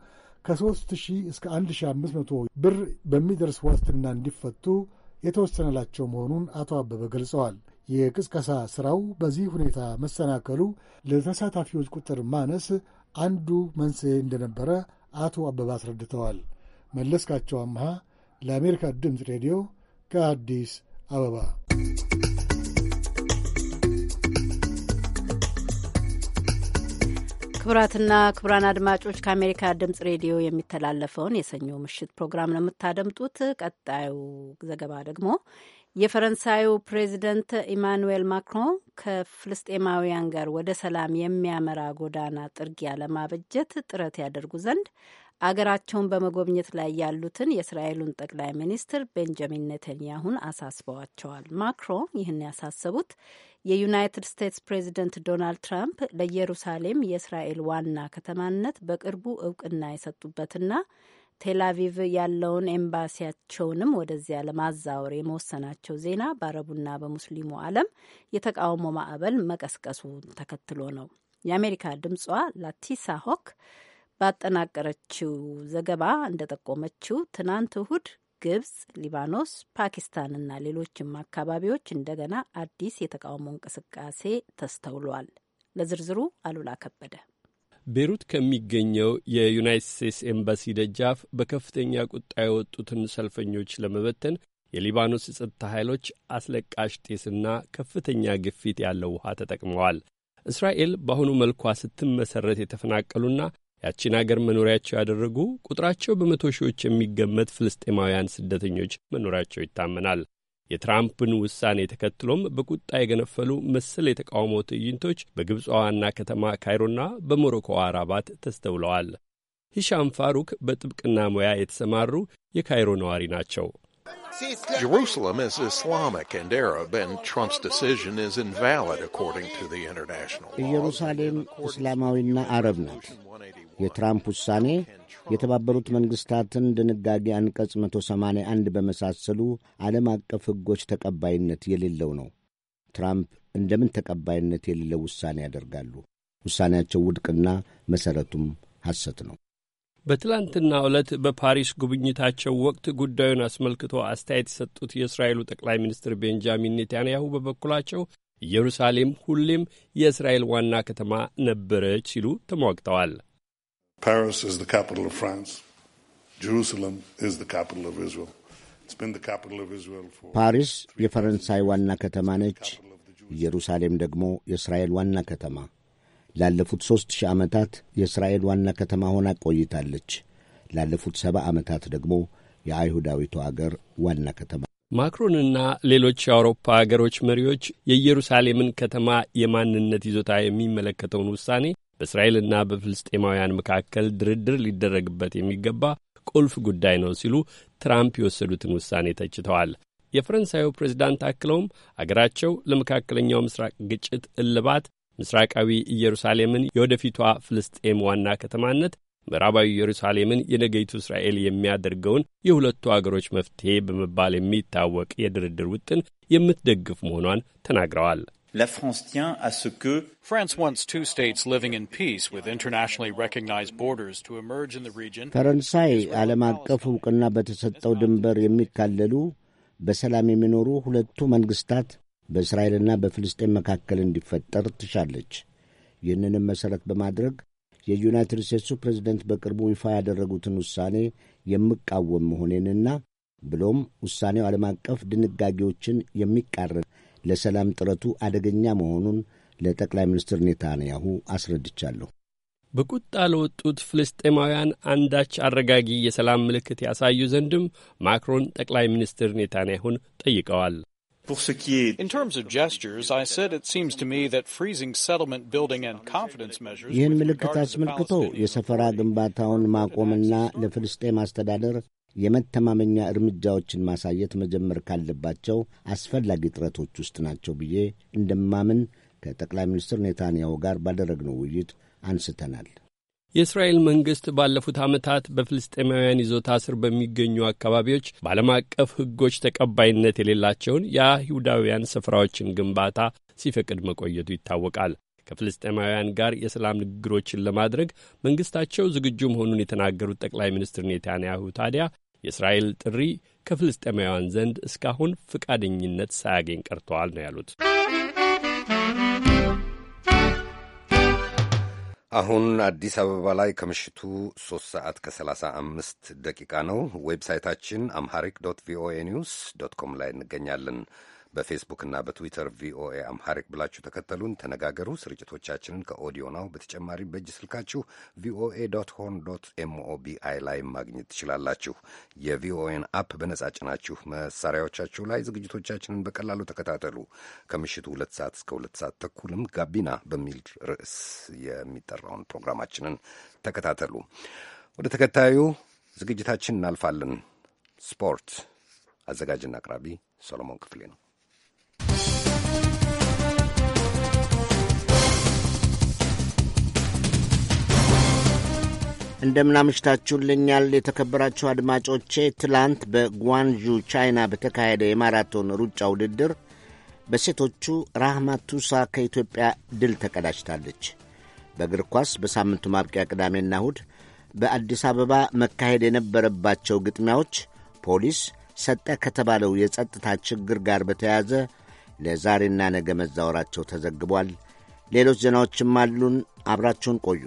ከ ሺህ እስከ 1500 ብር በሚደርስ ዋስትና እንዲፈቱ የተወሰነላቸው መሆኑን አቶ አበበ ገልጸዋል። የቅስቀሳ ሥራው በዚህ ሁኔታ መሰናከሉ ለተሳታፊዎች ቁጥር ማነስ አንዱ መንስኤ እንደነበረ አቶ አበባ አስረድተዋል። መለስካቸው አምሃ ለአሜሪካ ድምፅ ሬዲዮ ከአዲስ አበባ ክቡራትና ክቡራን አድማጮች ከአሜሪካ ድምጽ ሬዲዮ የሚተላለፈውን የሰኞ ምሽት ፕሮግራም ነው የምታደምጡት። ቀጣዩ ዘገባ ደግሞ የፈረንሳዩ ፕሬዚደንት ኢማኑዌል ማክሮን ከፍልስጤማውያን ጋር ወደ ሰላም የሚያመራ ጎዳና ጥርጊያ ለማበጀት ጥረት ያደርጉ ዘንድ አገራቸውን በመጎብኘት ላይ ያሉትን የእስራኤሉን ጠቅላይ ሚኒስትር ቤንጃሚን ኔተንያሁን አሳስበዋቸዋል። ማክሮን ይህን ያሳሰቡት የዩናይትድ ስቴትስ ፕሬዚደንት ዶናልድ ትራምፕ ለኢየሩሳሌም የእስራኤል ዋና ከተማነት በቅርቡ እውቅና የሰጡበትና ቴላቪቭ ያለውን ኤምባሲያቸውንም ወደዚያ ለማዛወር የመወሰናቸው ዜና በአረቡና በሙስሊሙ ዓለም የተቃውሞ ማዕበል መቀስቀሱ ተከትሎ ነው። የአሜሪካ ድምጿ ላቲሳ ሆክ ባጠናቀረችው ዘገባ እንደጠቆመችው ትናንት እሁድ ግብጽ፣ ሊባኖስ፣ ፓኪስታንና ሌሎችም አካባቢዎች እንደገና አዲስ የተቃውሞ እንቅስቃሴ ተስተውሏል። ለዝርዝሩ አሉላ ከበደ ቤሩት ከሚገኘው የዩናይትድ ስቴትስ ኤምባሲ ደጃፍ በከፍተኛ ቁጣ የወጡትን ሰልፈኞች ለመበተን የሊባኖስ የጸጥታ ኃይሎች አስለቃሽ ጤስና ከፍተኛ ግፊት ያለው ውሃ ተጠቅመዋል። እስራኤል በአሁኑ መልኳ ስትመሠረት የተፈናቀሉና ያቺን አገር መኖሪያቸው ያደረጉ ቁጥራቸው በመቶ ሺዎች የሚገመት ፍልስጤማውያን ስደተኞች መኖራቸው ይታመናል። የትራምፕን ውሳኔ ተከትሎም በቁጣ የገነፈሉ መሰል የተቃውሞ ትዕይንቶች በግብፅ ዋና ከተማ ካይሮና በሞሮኮዋ ራባት ተስተውለዋል። ሂሻም ፋሩክ በጥብቅና ሙያ የተሰማሩ የካይሮ ነዋሪ ናቸው። Jerusalem is Islamic and Arab, and Trump's decision is invalid according to the international law. ኢየሩሳሌም እስላማዊና አረብ ናት። የትራምፕ ውሳኔ የተባበሩት መንግሥታትን ድንጋጌ አንቀጽ 181 በመሳሰሉ ዓለም አቀፍ ሕጎች ተቀባይነት የሌለው ነው። ትራምፕ እንደምን ተቀባይነት የሌለው ውሳኔ ያደርጋሉ? ውሳኔያቸው ውድቅና መሠረቱም ሐሰት ነው። በትላንትና ዕለት በፓሪስ ጉብኝታቸው ወቅት ጉዳዩን አስመልክቶ አስተያየት የሰጡት የእስራኤሉ ጠቅላይ ሚኒስትር ቤንጃሚን ኔታንያሁ በበኩላቸው ኢየሩሳሌም ሁሌም የእስራኤል ዋና ከተማ ነበረች ሲሉ ተሟግተዋል። Paris is the capital of France. Jerusalem is the capital of Israel. It's been the capital of Israel for ፓሪስ የፈረንሳይ ዋና ከተማ ነች። ኢየሩሳሌም ደግሞ የእስራኤል ዋና ከተማ ላለፉት ሦስት ሺህ ዓመታት የእስራኤል ዋና ከተማ ሆና ቆይታለች። ላለፉት ሰባ ዓመታት ደግሞ የአይሁዳዊቱ አገር ዋና ከተማ ማክሮንና ሌሎች የአውሮፓ አገሮች መሪዎች የኢየሩሳሌምን ከተማ የማንነት ይዞታ የሚመለከተውን ውሳኔ በእስራኤልና በፍልስጤማውያን መካከል ድርድር ሊደረግበት የሚገባ ቁልፍ ጉዳይ ነው ሲሉ ትራምፕ የወሰዱትን ውሳኔ ተችተዋል። የፈረንሳዩ ፕሬዚዳንት አክለውም አገራቸው ለመካከለኛው ምስራቅ ግጭት እልባት ምስራቃዊ ኢየሩሳሌምን የወደፊቷ ፍልስጤም ዋና ከተማነት ምዕራባዊ ኢየሩሳሌምን የነገይቱ እስራኤል የሚያደርገውን የሁለቱ አገሮች መፍትሔ በመባል የሚታወቅ የድርድር ውጥን የምትደግፍ መሆኗን ተናግረዋል። France wants two states living in peace with internationally recognized borders to emerge in the region. ፈረንሳይ ዓለም አቀፍ ዕውቅና በተሰጠው ድንበር የሚካለሉ በሰላም የሚኖሩ ሁለቱ መንግስታት በእስራኤልና በፍልስጤን መካከል እንዲፈጠር ትሻለች። ይህንንም መሠረት በማድረግ የዩናይትድ ስቴትሱ ፕሬዝደንት በቅርቡ ይፋ ያደረጉትን ውሳኔ የምቃወም መሆኔንና ብሎም ውሳኔው ዓለም አቀፍ ድንጋጌዎችን የሚቃረን ለሰላም ጥረቱ አደገኛ መሆኑን ለጠቅላይ ሚኒስትር ኔታንያሁ አስረድቻለሁ። በቁጣ ለወጡት ፍልስጤማውያን አንዳች አረጋጊ የሰላም ምልክት ያሳዩ ዘንድም ማክሮን ጠቅላይ ሚኒስትር ኔታንያሁን ጠይቀዋል። ይህን ምልክት አስመልክቶ የሰፈራ ግንባታውን ማቆምና ለፍልስጤም አስተዳደር የመተማመኛ እርምጃዎችን ማሳየት መጀመር ካለባቸው አስፈላጊ ጥረቶች ውስጥ ናቸው ብዬ እንደማምን ከጠቅላይ ሚኒስትር ኔታንያሁ ጋር ባደረግነው ውይይት አንስተናል። የእስራኤል መንግሥት ባለፉት ዓመታት በፍልስጤማውያን ይዞታ ስር በሚገኙ አካባቢዎች በዓለም አቀፍ ሕጎች ተቀባይነት የሌላቸውን የአይሁዳውያን ስፍራዎችን ግንባታ ሲፈቅድ መቆየቱ ይታወቃል። ከፍልስጤማውያን ጋር የሰላም ንግግሮችን ለማድረግ መንግስታቸው ዝግጁ መሆኑን የተናገሩት ጠቅላይ ሚኒስትር ኔታንያሁ ታዲያ የእስራኤል ጥሪ ከፍልስጤማውያን ዘንድ እስካሁን ፍቃደኝነት ሳያገኝ ቀርተዋል ነው ያሉት። አሁን አዲስ አበባ ላይ ከምሽቱ 3 ሰዓት ከ35 ደቂቃ ነው። ዌብሳይታችን አምሃሪክ ዶት ቪኦኤ ኒውስ ዶት ኮም ላይ እንገኛለን። በፌስቡክና በትዊተር ቪኦኤ አምሃሪክ ብላችሁ ተከተሉን፣ ተነጋገሩ። ስርጭቶቻችንን ከኦዲዮ ናው በተጨማሪ በእጅ ስልካችሁ ቪኦኤ ዶት ሆን ዶት ኤምኦቢአይ ላይ ማግኘት ትችላላችሁ። የቪኦኤን አፕ በነጻ ጭናችሁ መሳሪያዎቻችሁ ላይ ዝግጅቶቻችንን በቀላሉ ተከታተሉ። ከምሽቱ ሁለት ሰዓት እስከ ሁለት ሰዓት ተኩልም ጋቢና በሚል ርዕስ የሚጠራውን ፕሮግራማችንን ተከታተሉ። ወደ ተከታዩ ዝግጅታችን እናልፋለን። ስፖርት አዘጋጅና አቅራቢ ሰሎሞን ክፍሌ ነው። እንደምናምሽታችሁልኛል የተከበራችሁ አድማጮቼ። ትላንት በጓንዡ ቻይና በተካሄደ የማራቶን ሩጫ ውድድር በሴቶቹ ራህማ ቱሳ ከኢትዮጵያ ድል ተቀዳጅታለች። በእግር ኳስ በሳምንቱ ማብቂያ ቅዳሜና እሁድ በአዲስ አበባ መካሄድ የነበረባቸው ግጥሚያዎች ፖሊስ ሰጠ ከተባለው የጸጥታ ችግር ጋር በተያያዘ ለዛሬና ነገ መዛወራቸው ተዘግቧል። ሌሎች ዜናዎችም አሉን። አብራችሁን ቆዩ።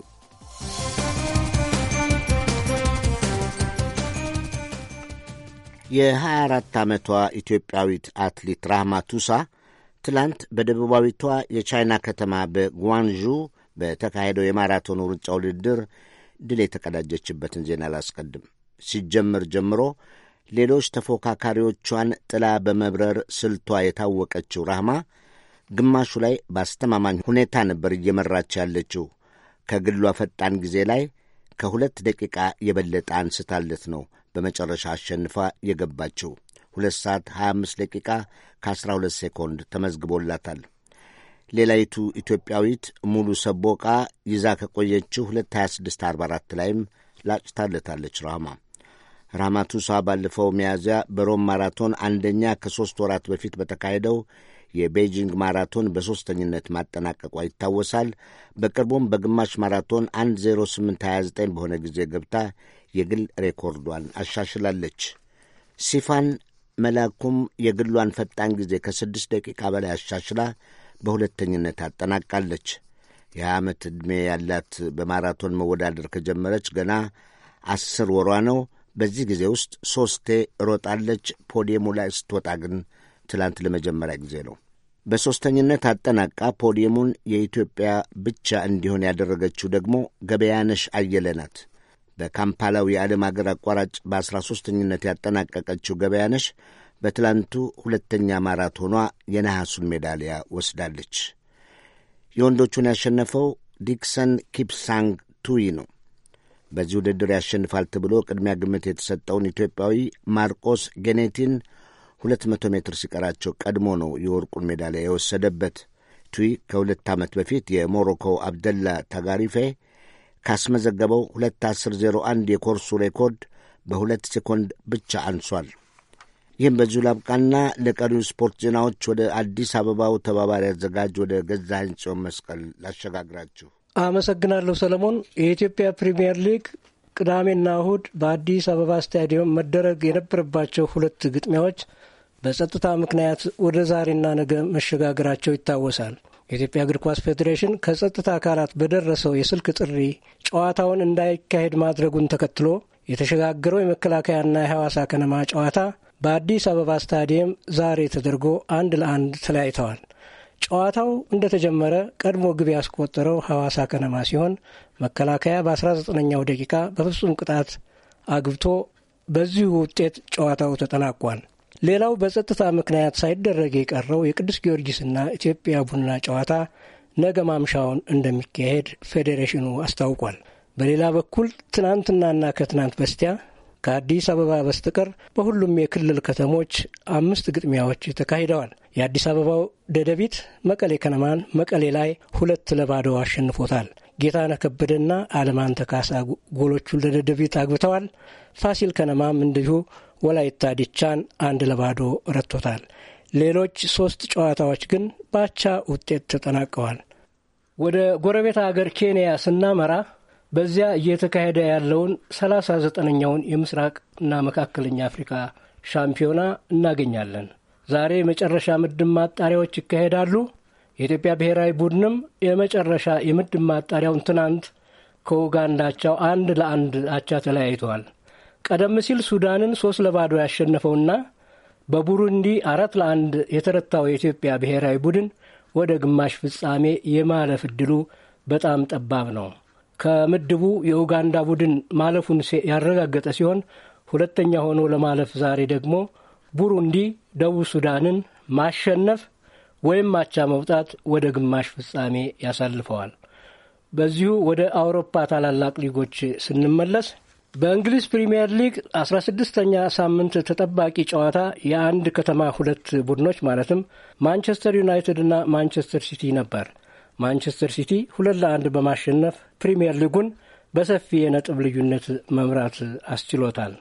የ24 ዓመቷ ኢትዮጵያዊት አትሌት ራህማ ቱሳ ትላንት በደቡባዊቷ የቻይና ከተማ በጓንዡ በተካሄደው የማራቶን ሩጫ ውድድር ድል የተቀዳጀችበትን ዜና አላስቀድም። ሲጀምር ጀምሮ ሌሎች ተፎካካሪዎቿን ጥላ በመብረር ስልቷ የታወቀችው ራህማ ግማሹ ላይ በአስተማማኝ ሁኔታ ነበር እየመራች ያለችው። ከግሏ ፈጣን ጊዜ ላይ ከሁለት ደቂቃ የበለጠ አንስታለት ነው በመጨረሻ አሸንፋ የገባችው። ሁለት ሰዓት 25 ደቂቃ ከ12 ሴኮንድ ተመዝግቦላታል። ሌላይቱ ኢትዮጵያዊት ሙሉ ሰቦቃ ይዛ ከቆየችው 22644 ላይም ላጭታለታለች። ራማ ቱሳ ባለፈው ሚያዝያ በሮም ማራቶን አንደኛ ከሦስት ወራት በፊት በተካሄደው የቤይጂንግ ማራቶን በሦስተኝነት ማጠናቀቋ ይታወሳል። በቅርቡም በግማሽ ማራቶን 10829 በሆነ ጊዜ ገብታ የግል ሬኮርዷን አሻሽላለች። ሲፋን መላኩም የግሏን ፈጣን ጊዜ ከስድስት ደቂቃ በላይ አሻሽላ በሁለተኝነት አጠናቃለች። የሃያ ዓመት ዕድሜ ያላት በማራቶን መወዳደር ከጀመረች ገና አስር ወሯ ነው። በዚህ ጊዜ ውስጥ ሦስቴ ሮጣለች። ፖዲየሙ ላይ ስትወጣ ግን ትላንት ለመጀመሪያ ጊዜ ነው። በሦስተኝነት አጠናቃ ፖዲየሙን የኢትዮጵያ ብቻ እንዲሆን ያደረገችው ደግሞ ገበያነሽ አየለ ናት። በካምፓላው የዓለም አገር አቋራጭ በ ሦስተኝነት ኝነት ያጠናቀቀችው ገበያነሽ በትላንቱ ሁለተኛ ማራቶኗ የነሐሱን ሜዳሊያ ወስዳለች። የወንዶቹን ያሸነፈው ዲክሰን ኪፕሳንግ ቱዊ ነው። በዚህ ውድድር ያሸንፋል ተብሎ ቅድሚያ ግምት የተሰጠውን ኢትዮጵያዊ ማርቆስ ጌኔቲን 200 ሜትር ሲቀራቸው ቀድሞ ነው የወርቁን ሜዳሊያ የወሰደበት። ቱዊ ከሁለት ዓመት በፊት የሞሮኮው አብደላ ታጋሪፌ ካስመዘገበው 2101 የኮርሱ ሬኮርድ በሁለት ሴኮንድ ብቻ አንሷል። ይህም በዚሁ ላብቃና ለቀሪው ስፖርት ዜናዎች ወደ አዲስ አበባው ተባባሪ አዘጋጅ ወደ ገዛ ጽዮን መስቀል ላሸጋግራችሁ። አመሰግናለሁ ሰለሞን። የኢትዮጵያ ፕሪምየር ሊግ ቅዳሜና እሁድ በአዲስ አበባ ስታዲየም መደረግ የነበረባቸው ሁለት ግጥሚያዎች በጸጥታ ምክንያት ወደ ዛሬና ነገ መሸጋገራቸው ይታወሳል። የኢትዮጵያ እግር ኳስ ፌዴሬሽን ከጸጥታ አካላት በደረሰው የስልክ ጥሪ ጨዋታውን እንዳይካሄድ ማድረጉን ተከትሎ የተሸጋገረው የመከላከያና የሐዋሳ ከነማ ጨዋታ በአዲስ አበባ ስታዲየም ዛሬ ተደርጎ አንድ ለአንድ ተለያይተዋል። ጨዋታው እንደተጀመረ ቀድሞ ግብ ያስቆጠረው ሐዋሳ ከነማ ሲሆን መከላከያ በ19ኛው ደቂቃ በፍጹም ቅጣት አግብቶ በዚሁ ውጤት ጨዋታው ተጠናቋል። ሌላው በጸጥታ ምክንያት ሳይደረግ የቀረው የቅዱስ ጊዮርጊስና ኢትዮጵያ ቡና ጨዋታ ነገ ማምሻውን እንደሚካሄድ ፌዴሬሽኑ አስታውቋል። በሌላ በኩል ትናንትናና ከትናንት በስቲያ ከአዲስ አበባ በስተቀር በሁሉም የክልል ከተሞች አምስት ግጥሚያዎች ተካሂደዋል። የአዲስ አበባው ደደቢት መቀሌ ከነማን መቀሌ ላይ ሁለት ለባዶ አሸንፎታል። ጌታን ከበደና አለማንተ ካሳ ጎሎቹን ለደደቢት አግብተዋል። ፋሲል ከነማም እንዲሁ ወላይታ ዲቻን አንድ ለባዶ ረቶታል። ሌሎች ሶስት ጨዋታዎች ግን በአቻ ውጤት ተጠናቀዋል። ወደ ጎረቤት አገር ኬንያ ስናመራ በዚያ እየተካሄደ ያለውን ሰላሳ ዘጠነኛውን የምስራቅና መካከለኛ አፍሪካ ሻምፒዮና እናገኛለን። ዛሬ መጨረሻ ምድብ ማጣሪያዎች ይካሄዳሉ። የኢትዮጵያ ብሔራዊ ቡድንም የመጨረሻ የምድብ ማጣሪያውን ትናንት ከኡጋንዳቻው አንድ ለአንድ አቻ ተለያይተዋል። ቀደም ሲል ሱዳንን ሶስት ለባዶ ያሸነፈውና በቡሩንዲ አራት ለአንድ የተረታው የኢትዮጵያ ብሔራዊ ቡድን ወደ ግማሽ ፍጻሜ የማለፍ እድሉ በጣም ጠባብ ነው። ከምድቡ የኡጋንዳ ቡድን ማለፉን ያረጋገጠ ሲሆን ሁለተኛ ሆኖ ለማለፍ ዛሬ ደግሞ ቡሩንዲ ደቡብ ሱዳንን ማሸነፍ ወይም አቻ መውጣት ወደ ግማሽ ፍጻሜ ያሳልፈዋል። በዚሁ ወደ አውሮፓ ታላላቅ ሊጎች ስንመለስ በእንግሊዝ ፕሪምየር ሊግ 16ኛ ሳምንት ተጠባቂ ጨዋታ የአንድ ከተማ ሁለት ቡድኖች ማለትም ማንቸስተር ዩናይትድ እና ማንቸስተር ሲቲ ነበር። ማንቸስተር ሲቲ ሁለት ለአንድ በማሸነፍ ፕሪምየር ሊጉን በሰፊ የነጥብ ልዩነት መምራት አስችሎታል።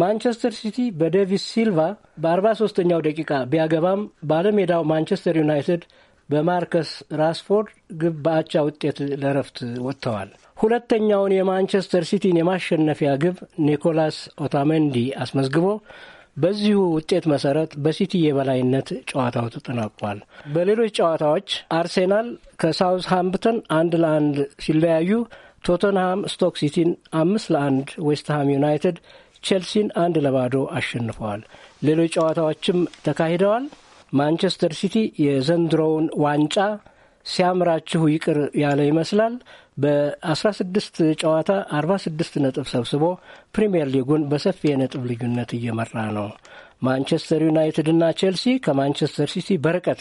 ማንቸስተር ሲቲ በዴቪስ ሲልቫ በ43ኛው ደቂቃ ቢያገባም ባለሜዳው ማንቸስተር ዩናይትድ በማርከስ ራስፎርድ ግብ በአቻ ውጤት ለረፍት ወጥተዋል። ሁለተኛውን የማንቸስተር ሲቲን የማሸነፊያ ግብ ኒኮላስ ኦታመንዲ አስመዝግቦ በዚሁ ውጤት መሰረት በሲቲ የበላይነት ጨዋታው ተጠናቋል። በሌሎች ጨዋታዎች አርሴናል ከሳውዝ ሃምፕተን አንድ ለአንድ ሲለያዩ፣ ቶተንሃም ስቶክ ሲቲን አምስት ለአንድ፣ ዌስትሃም ዩናይትድ ቼልሲን አንድ ለባዶ አሸንፈዋል። ሌሎች ጨዋታዎችም ተካሂደዋል። ማንቸስተር ሲቲ የዘንድሮውን ዋንጫ ሲያምራችሁ ይቅር ያለ ይመስላል። በ16 ጨዋታ 46 ነጥብ ሰብስቦ ፕሪምየር ሊጉን በሰፊ የነጥብ ልዩነት እየመራ ነው። ማንቸስተር ዩናይትድና ቼልሲ ከማንቸስተር ሲቲ በርቀት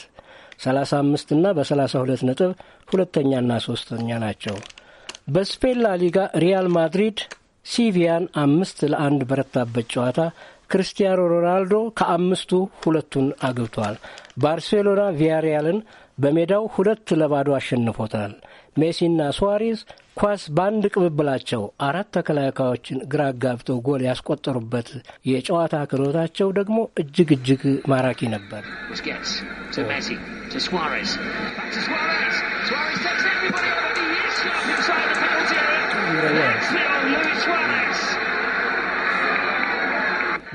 35 እና በ32 ነጥብ ሁለተኛና ሶስተኛ ናቸው። በስፔን ላሊጋ ሊጋ ሪያል ማድሪድ ሲቪያን አምስት ለአንድ በረታበት ጨዋታ ክርስቲያኖ ሮናልዶ ከአምስቱ ሁለቱን አግብቷል። ባርሴሎና ቪያሪያልን በሜዳው ሁለት ለባዶ አሸንፎታል። ሜሲና ሱዋሬዝ ኳስ በአንድ ቅብብላቸው አራት ተከላካዮችን ግራ ጋብተው ጎል ያስቆጠሩበት የጨዋታ ክህሎታቸው ደግሞ እጅግ እጅግ ማራኪ ነበር።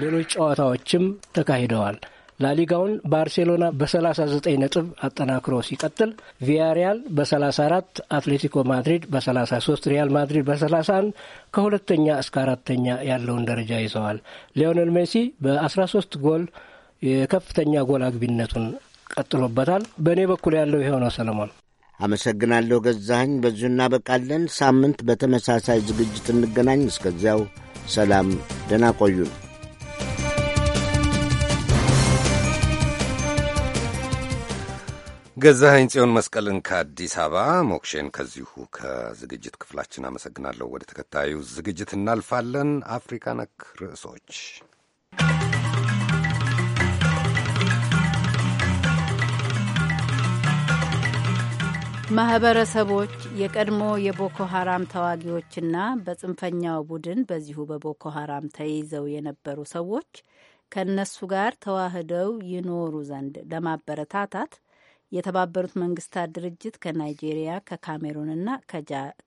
ሌሎች ጨዋታዎችም ተካሂደዋል። ላሊጋውን ባርሴሎና በ39 ነጥብ አጠናክሮ ሲቀጥል ቪያሪያል በ34 አትሌቲኮ ማድሪድ በ33 ሪያል ማድሪድ በ31 ከሁለተኛ እስከ አራተኛ ያለውን ደረጃ ይዘዋል። ሊዮኔል ሜሲ በ13 ጎል የከፍተኛ ጎል አግቢነቱን ቀጥሎበታል። በእኔ በኩል ያለው ይኸው ነው። ሰለሞን አመሰግናለሁ። ገዛኸኝ፣ በዚሁ እናበቃለን። ሳምንት በተመሳሳይ ዝግጅት እንገናኝ። እስከዚያው ሰላም፣ ደህና ቆዩን። ገዛኸኝ ጽዮን መስቀልን ከአዲስ አበባ ሞክሼን ከዚሁ ከዝግጅት ክፍላችን አመሰግናለሁ። ወደ ተከታዩ ዝግጅት እናልፋለን። አፍሪካ ነክ ርዕሶች ማህበረሰቦች የቀድሞ የቦኮ ሀራም ተዋጊዎችና በጽንፈኛው ቡድን በዚሁ በቦኮ ሀራም ተይዘው የነበሩ ሰዎች ከእነሱ ጋር ተዋህደው ይኖሩ ዘንድ ለማበረታታት የተባበሩት መንግስታት ድርጅት ከናይጄሪያ ከካሜሩንና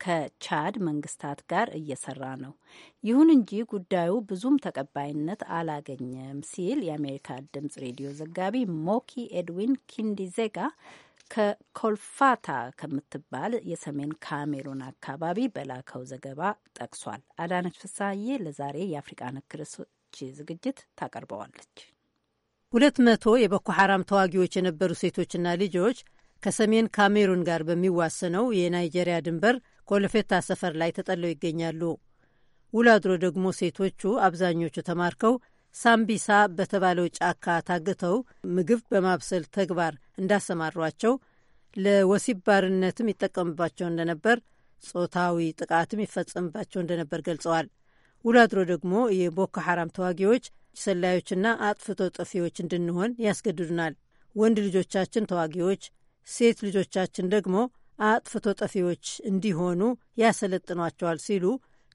ከቻድ መንግስታት ጋር እየሰራ ነው። ይሁን እንጂ ጉዳዩ ብዙም ተቀባይነት አላገኘም ሲል የአሜሪካ ድምጽ ሬዲዮ ዘጋቢ ሞኪ ኤድዊን ኪንዲዜጋ ከኮልፋታ ከምትባል የሰሜን ካሜሩን አካባቢ በላከው ዘገባ ጠቅሷል። አዳነች ፍሳዬ ለዛሬ የአፍሪቃ ነክ ርዕሶች ዝግጅት ታቀርበዋለች። ሁለት መቶ የቦኮ ሐራም ተዋጊዎች የነበሩ ሴቶችና ልጆች ከሰሜን ካሜሩን ጋር በሚዋሰነው የናይጄሪያ ድንበር ኮለፌታ ሰፈር ላይ ተጠለው ይገኛሉ። ውሎ አድሮ ደግሞ ሴቶቹ አብዛኞቹ ተማርከው ሳምቢሳ በተባለው ጫካ ታግተው ምግብ በማብሰል ተግባር እንዳሰማሯቸው ለወሲብ ባርነትም ይጠቀምባቸው እንደነበር፣ ጾታዊ ጥቃትም ይፈጸምባቸው እንደነበር ገልጸዋል። ውሎ አድሮ ደግሞ የቦኮ ሐራም ተዋጊዎች ሰላዮችና አጥፍቶ ጠፊዎች እንድንሆን ያስገድዱናል። ወንድ ልጆቻችን ተዋጊዎች፣ ሴት ልጆቻችን ደግሞ አጥፍቶ ጠፊዎች እንዲሆኑ ያሰለጥኗቸዋል ሲሉ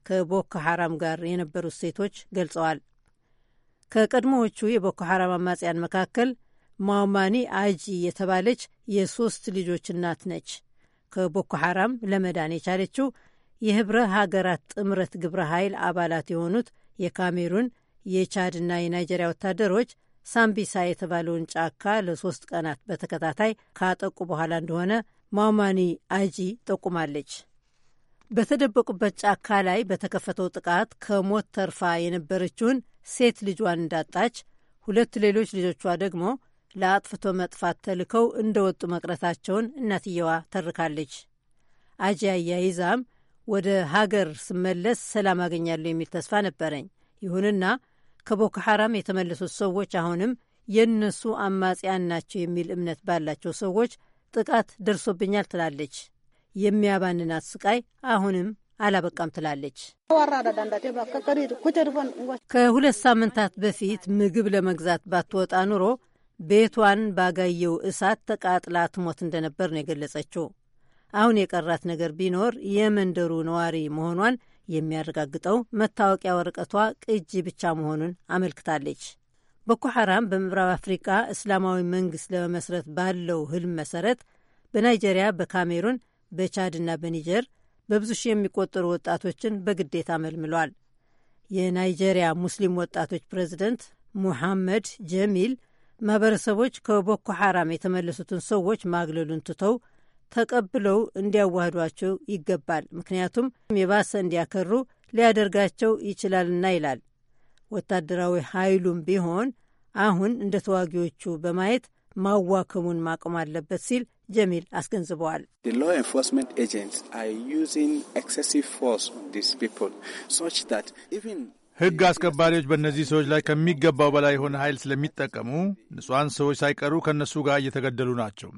ከቦኮ ሐራም ጋር የነበሩት ሴቶች ገልጸዋል። ከቀድሞዎቹ የቦኮ ሐራም አማጽያን መካከል ማውማኒ አጂ የተባለች የሶስት ልጆች እናት ነች። ከቦኮ ሐራም ለመዳን የቻለችው የህብረ ሀገራት ጥምረት ግብረ ኃይል አባላት የሆኑት የካሜሩን የቻድና የናይጄሪያ ወታደሮች ሳምቢሳ የተባለውን ጫካ ለሶስት ቀናት በተከታታይ ካጠቁ በኋላ እንደሆነ ማማኒ አጂ ጠቁማለች። በተደበቁበት ጫካ ላይ በተከፈተው ጥቃት ከሞት ተርፋ የነበረችውን ሴት ልጇን እንዳጣች፣ ሁለት ሌሎች ልጆቿ ደግሞ ለአጥፍቶ መጥፋት ተልከው እንደወጡ መቅረታቸውን እናትየዋ ተርካለች። አጂ አያይዛም ወደ ሀገር ስመለስ ሰላም አገኛለሁ የሚል ተስፋ ነበረኝ። ይሁንና ከቦኮ ሐራም የተመለሱት ሰዎች አሁንም የእነሱ አማጽያን ናቸው የሚል እምነት ባላቸው ሰዎች ጥቃት ደርሶብኛል ትላለች። የሚያባንናት ስቃይ አሁንም አላበቃም ትላለች። ከሁለት ሳምንታት በፊት ምግብ ለመግዛት ባትወጣ ኑሮ ቤቷን ባጋየው እሳት ተቃጥላ ትሞት እንደነበር ነው የገለጸችው። አሁን የቀራት ነገር ቢኖር የመንደሩ ነዋሪ መሆኗን የሚያረጋግጠው መታወቂያ ወረቀቷ ቅጂ ብቻ መሆኑን አመልክታለች። ቦኮ ሐራም በምዕራብ አፍሪቃ እስላማዊ መንግስት ለመመስረት ባለው ህልም መሰረት በናይጄሪያ፣ በካሜሩን፣ በቻድና በኒጀር በብዙ ሺህ የሚቆጠሩ ወጣቶችን በግዴታ መልምሏል። የናይጄሪያ ሙስሊም ወጣቶች ፕሬዚደንት ሙሐመድ ጀሚል ማህበረሰቦች ከቦኮ ሐራም የተመለሱትን ሰዎች ማግለሉን ትተው ተቀብለው እንዲያዋህዷቸው ይገባል። ምክንያቱም የባሰ እንዲያከሩ ሊያደርጋቸው ይችላልና ይላል። ወታደራዊ ኃይሉም ቢሆን አሁን እንደ ተዋጊዎቹ በማየት ማዋከሙን ማቆም አለበት ሲል ጀሚል አስገንዝበዋል። ሕግ አስከባሪዎች በእነዚህ ሰዎች ላይ ከሚገባው በላይ የሆነ ኃይል ስለሚጠቀሙ ንጹሐን ሰዎች ሳይቀሩ ከእነሱ ጋር እየተገደሉ ናቸው።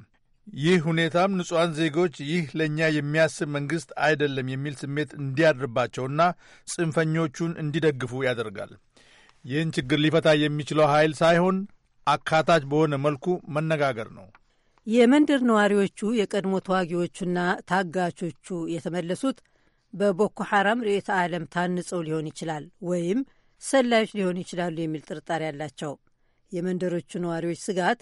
ይህ ሁኔታም ንጹሐን ዜጎች ይህ ለእኛ የሚያስብ መንግሥት አይደለም የሚል ስሜት እንዲያድርባቸውና ጽንፈኞቹን እንዲደግፉ ያደርጋል። ይህን ችግር ሊፈታ የሚችለው ኃይል ሳይሆን አካታች በሆነ መልኩ መነጋገር ነው። የመንደር ነዋሪዎቹ የቀድሞ ተዋጊዎቹና ታጋቾቹ የተመለሱት በቦኮ ሐራም ርዕዮተ ዓለም ታንጸው ሊሆን ይችላል ወይም ሰላዮች ሊሆኑ ይችላሉ የሚል ጥርጣሬ አላቸው። የመንደሮቹ ነዋሪዎች ስጋት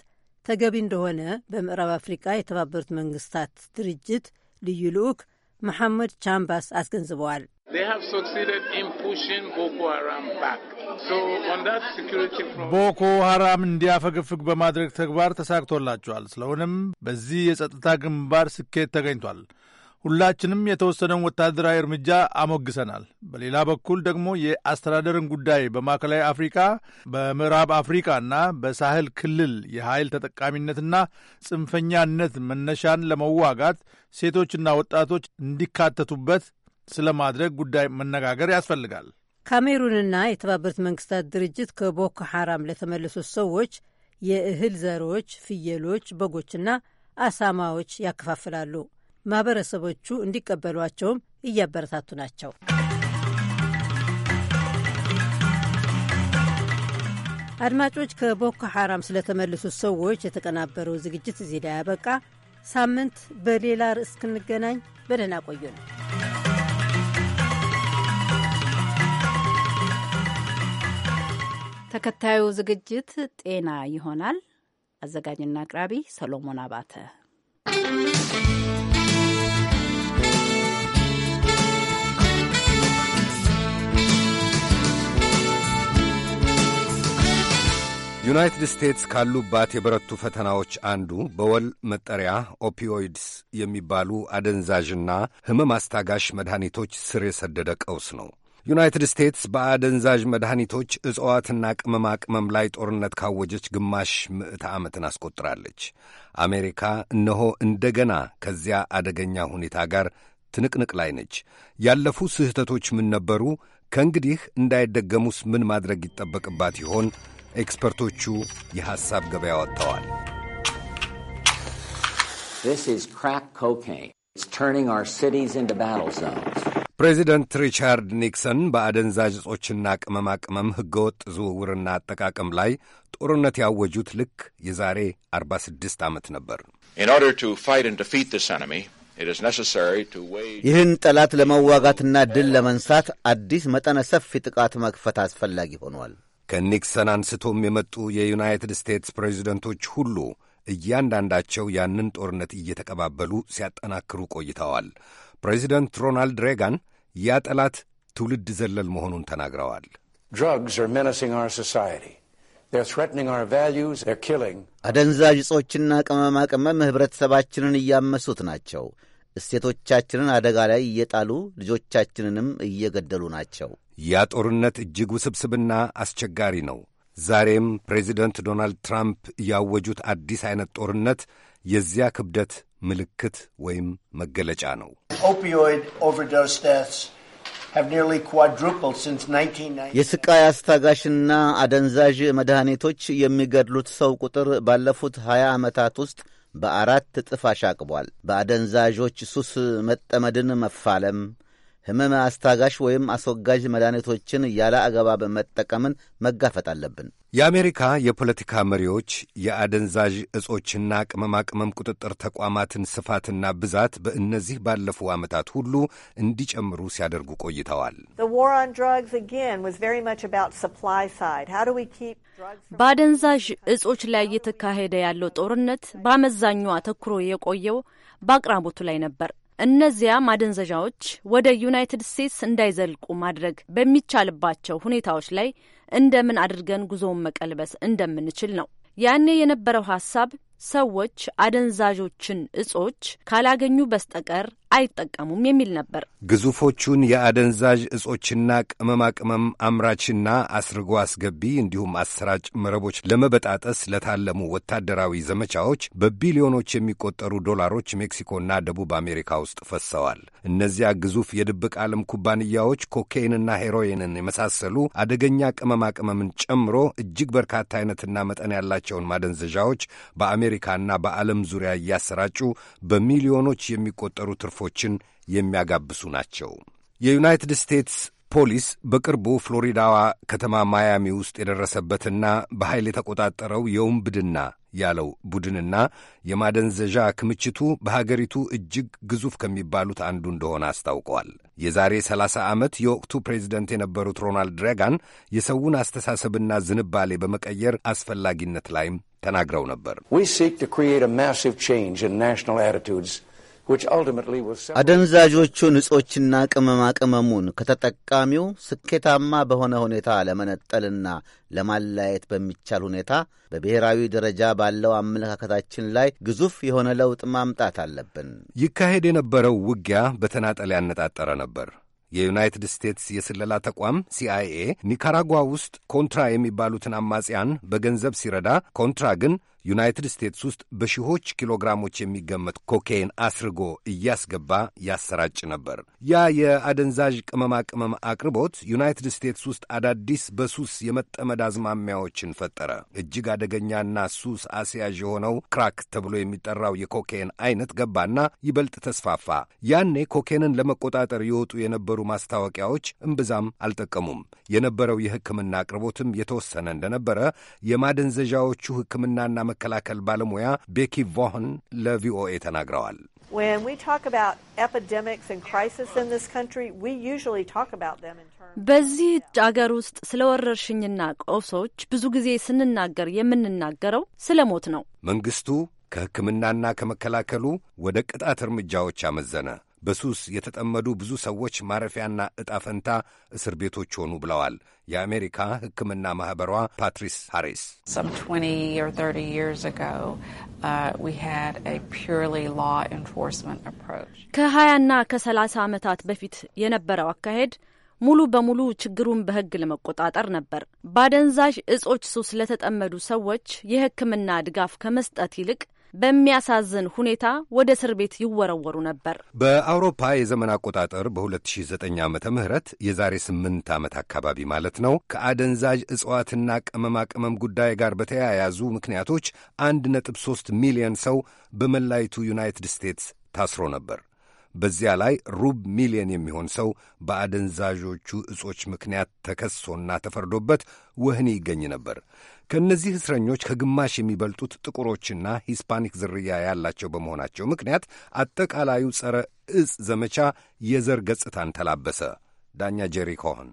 ተገቢ እንደሆነ በምዕራብ አፍሪቃ የተባበሩት መንግስታት ድርጅት ልዩ ልዑክ መሐመድ ቻምባስ አስገንዝበዋል። ቦኮ ሐራም እንዲያፈገፍግ በማድረግ ተግባር ተሳክቶላቸዋል። ስለሆነም በዚህ የጸጥታ ግንባር ስኬት ተገኝቷል። ሁላችንም የተወሰነውን ወታደራዊ እርምጃ አሞግሰናል። በሌላ በኩል ደግሞ የአስተዳደርን ጉዳይ በማዕከላዊ አፍሪካ፣ በምዕራብ አፍሪካና በሳህል ክልል የኃይል ተጠቃሚነትና ጽንፈኛነት መነሻን ለመዋጋት ሴቶችና ወጣቶች እንዲካተቱበት ስለማድረግ ጉዳይ መነጋገር ያስፈልጋል። ካሜሩንና የተባበሩት መንግስታት ድርጅት ከቦኮ ሐራም ለተመለሱት ሰዎች የእህል ዘሮች፣ ፍየሎች፣ በጎችና አሳማዎች ያከፋፍላሉ። ማህበረሰቦቹ እንዲቀበሏቸውም እያበረታቱ ናቸው። አድማጮች፣ ከቦኮ ሐራም ስለተመለሱት ሰዎች የተቀናበረው ዝግጅት እዚህ ላይ ያበቃ። ሳምንት በሌላ ርዕስ እስክንገናኝ በደህና ቆዩ ነው። ተከታዩ ዝግጅት ጤና ይሆናል። አዘጋጅና አቅራቢ ሰሎሞን አባተ ዩናይትድ ስቴትስ ካሉባት የበረቱ ፈተናዎች አንዱ በወል መጠሪያ ኦፒዮይድስ የሚባሉ አደንዛዥና ሕመም አስታጋሽ መድኃኒቶች ስር የሰደደ ቀውስ ነው። ዩናይትድ ስቴትስ በአደንዛዥ መድኃኒቶች እጽዋትና ቅመማ ቅመም ላይ ጦርነት ካወጀች ግማሽ ምዕተ ዓመትን አስቆጥራለች። አሜሪካ እነሆ እንደገና ከዚያ አደገኛ ሁኔታ ጋር ትንቅንቅ ላይ ነች። ያለፉ ስህተቶች ምን ነበሩ? ከእንግዲህ እንዳይደገሙስ ምን ማድረግ ይጠበቅባት ይሆን? ኤክስፐርቶቹ የሐሳብ ገበያ ወጥተዋል። ፕሬዚደንት ሪቻርድ ኒክሰን በአደንዛዥ ዕጾችና ቅመማ ቅመም ሕገወጥ ዝውውርና አጠቃቀም ላይ ጦርነት ያወጁት ልክ የዛሬ 46 ዓመት ነበር። ይህን ጠላት ለመዋጋትና ድል ለመንሳት አዲስ መጠነ ሰፊ ጥቃት መክፈት አስፈላጊ ሆኗል። ከኒክሰን አንስቶም የመጡ የዩናይትድ ስቴትስ ፕሬዚደንቶች ሁሉ እያንዳንዳቸው ያንን ጦርነት እየተቀባበሉ ሲያጠናክሩ ቆይተዋል። ፕሬዚደንት ሮናልድ ሬጋን ያ ጠላት ትውልድ ዘለል መሆኑን ተናግረዋል። አደንዛዥ እጾችና ቅመማ ቅመም ኅብረተሰባችንን እያመሱት ናቸው። እሴቶቻችንን አደጋ ላይ እየጣሉ ልጆቻችንንም እየገደሉ ናቸው። ያ ጦርነት እጅግ ውስብስብና አስቸጋሪ ነው። ዛሬም ፕሬዚደንት ዶናልድ ትራምፕ ያወጁት አዲስ አይነት ጦርነት የዚያ ክብደት ምልክት ወይም መገለጫ ነው። የስቃይ አስታጋሽና አደንዛዥ መድኃኒቶች የሚገድሉት ሰው ቁጥር ባለፉት 20 ዓመታት ውስጥ በአራት እጥፍ አሻቅቧል። በአደንዛዦች ሱስ መጠመድን መፋለም ህመም አስታጋሽ ወይም አስወጋጅ መድኃኒቶችን ያለ አግባብ መጠቀምን መጋፈጥ አለብን። የአሜሪካ የፖለቲካ መሪዎች የአደንዛዥ እጾችና ቅመማ ቅመም ቁጥጥር ተቋማትን ስፋትና ብዛት በእነዚህ ባለፉ ዓመታት ሁሉ እንዲጨምሩ ሲያደርጉ ቆይተዋል። በአደንዛዥ እጾች ላይ እየተካሄደ ያለው ጦርነት በአመዛኙ አተኩሮ የቆየው በአቅራቦቱ ላይ ነበር። እነዚያ ማደንዘዣዎች ወደ ዩናይትድ ስቴትስ እንዳይዘልቁ ማድረግ በሚቻልባቸው ሁኔታዎች ላይ እንደምን አድርገን ጉዞውን መቀልበስ እንደምንችል ነው። ያኔ የነበረው ሀሳብ ሰዎች አደንዛዦችን እጾች ካላገኙ በስተቀር አይጠቀሙም የሚል ነበር። ግዙፎቹን የአደንዛዥ እጾችና ቅመማ ቅመም አምራችና አስርጎ አስገቢ እንዲሁም አሰራጭ መረቦች ለመበጣጠስ ለታለሙ ወታደራዊ ዘመቻዎች በቢሊዮኖች የሚቆጠሩ ዶላሮች ሜክሲኮና ደቡብ አሜሪካ ውስጥ ፈሰዋል። እነዚያ ግዙፍ የድብቅ ዓለም ኩባንያዎች ኮኬይንና ሄሮይንን የመሳሰሉ አደገኛ ቅመማ ቅመምን ጨምሮ እጅግ በርካታ አይነትና መጠን ያላቸውን ማደንዘዣዎች በአሜሪካና በዓለም ዙሪያ እያሰራጩ በሚሊዮኖች የሚቆጠሩ ትርፍ ሰልፎችን የሚያጋብሱ ናቸው። የዩናይትድ ስቴትስ ፖሊስ በቅርቡ ፍሎሪዳዋ ከተማ ማያሚ ውስጥ የደረሰበትና በኃይል የተቆጣጠረው የውንብድና ያለው ቡድንና የማደንዘዣ ክምችቱ በሀገሪቱ እጅግ ግዙፍ ከሚባሉት አንዱ እንደሆነ አስታውቋል። የዛሬ 30 ዓመት የወቅቱ ፕሬዚደንት የነበሩት ሮናልድ ሬጋን የሰውን አስተሳሰብና ዝንባሌ በመቀየር አስፈላጊነት ላይም ተናግረው ነበር። We seek to create a massive change in national attitudes አደንዛዦቹን እጾችና ቅመማ ቅመሙን ከተጠቃሚው ስኬታማ በሆነ ሁኔታ ለመነጠልና ለማላየት በሚቻል ሁኔታ በብሔራዊ ደረጃ ባለው አመለካከታችን ላይ ግዙፍ የሆነ ለውጥ ማምጣት አለብን። ይካሄድ የነበረው ውጊያ በተናጠል ያነጣጠረ ነበር። የዩናይትድ ስቴትስ የስለላ ተቋም ሲአይኤ ኒካራጓ ውስጥ ኮንትራ የሚባሉትን አማጽያን በገንዘብ ሲረዳ፣ ኮንትራ ግን ዩናይትድ ስቴትስ ውስጥ በሺዎች ኪሎግራሞች የሚገመት ኮኬይን አስርጎ እያስገባ ያሰራጭ ነበር። ያ የአደንዛዥ ቅመማ ቅመም አቅርቦት ዩናይትድ ስቴትስ ውስጥ አዳዲስ በሱስ የመጠመድ አዝማሚያዎችን ፈጠረ። እጅግ አደገኛና ሱስ አስያዥ የሆነው ክራክ ተብሎ የሚጠራው የኮኬን አይነት ገባና ይበልጥ ተስፋፋ። ያኔ ኮኬንን ለመቆጣጠር የወጡ የነበሩ ማስታወቂያዎች እምብዛም አልጠቀሙም። የነበረው የሕክምና አቅርቦትም የተወሰነ እንደነበረ የማደንዘዣዎቹ ሕክምናና መከላከል ባለሙያ ቤኪ ቮህን ለቪኦኤ ተናግረዋል። በዚህ አገር ውስጥ ስለ ወረርሽኝና ቀውሶች ብዙ ጊዜ ስንናገር የምንናገረው ስለ ሞት ነው። መንግስቱ ከሕክምናና ከመከላከሉ ወደ ቅጣት እርምጃዎች አመዘነ። በሱስ የተጠመዱ ብዙ ሰዎች ማረፊያና ዕጣ ፈንታ እስር ቤቶች ሆኑ ብለዋል የአሜሪካ ሕክምና ማኅበሯ ፓትሪስ ሃሪስ። uh, ከሀያና ከሰላሳ ዓመታት በፊት የነበረው አካሄድ ሙሉ በሙሉ ችግሩን በሕግ ለመቆጣጠር ነበር። ባደንዛዥ እጾች ሱስ ለተጠመዱ ሰዎች የሕክምና ድጋፍ ከመስጠት ይልቅ በሚያሳዝን ሁኔታ ወደ እስር ቤት ይወረወሩ ነበር። በአውሮፓ የዘመን አቆጣጠር በ2009 ዓ ም የዛሬ 8 ዓመት አካባቢ ማለት ነው ከአደንዛዥ እጽዋትና ቅመማ ቅመም ጉዳይ ጋር በተያያዙ ምክንያቶች 1.3 ሚሊዮን ሰው በመላይቱ ዩናይትድ ስቴትስ ታስሮ ነበር። በዚያ ላይ ሩብ ሚሊዮን የሚሆን ሰው በአደንዛዦቹ እጾች ምክንያት ተከሶና ተፈርዶበት ወህኒ ይገኝ ነበር። ከእነዚህ እስረኞች ከግማሽ የሚበልጡት ጥቁሮችና ሂስፓኒክ ዝርያ ያላቸው በመሆናቸው ምክንያት አጠቃላዩ ጸረ እጽ ዘመቻ የዘር ገጽታን ተላበሰ። ዳኛ ጄሪ ኮሆን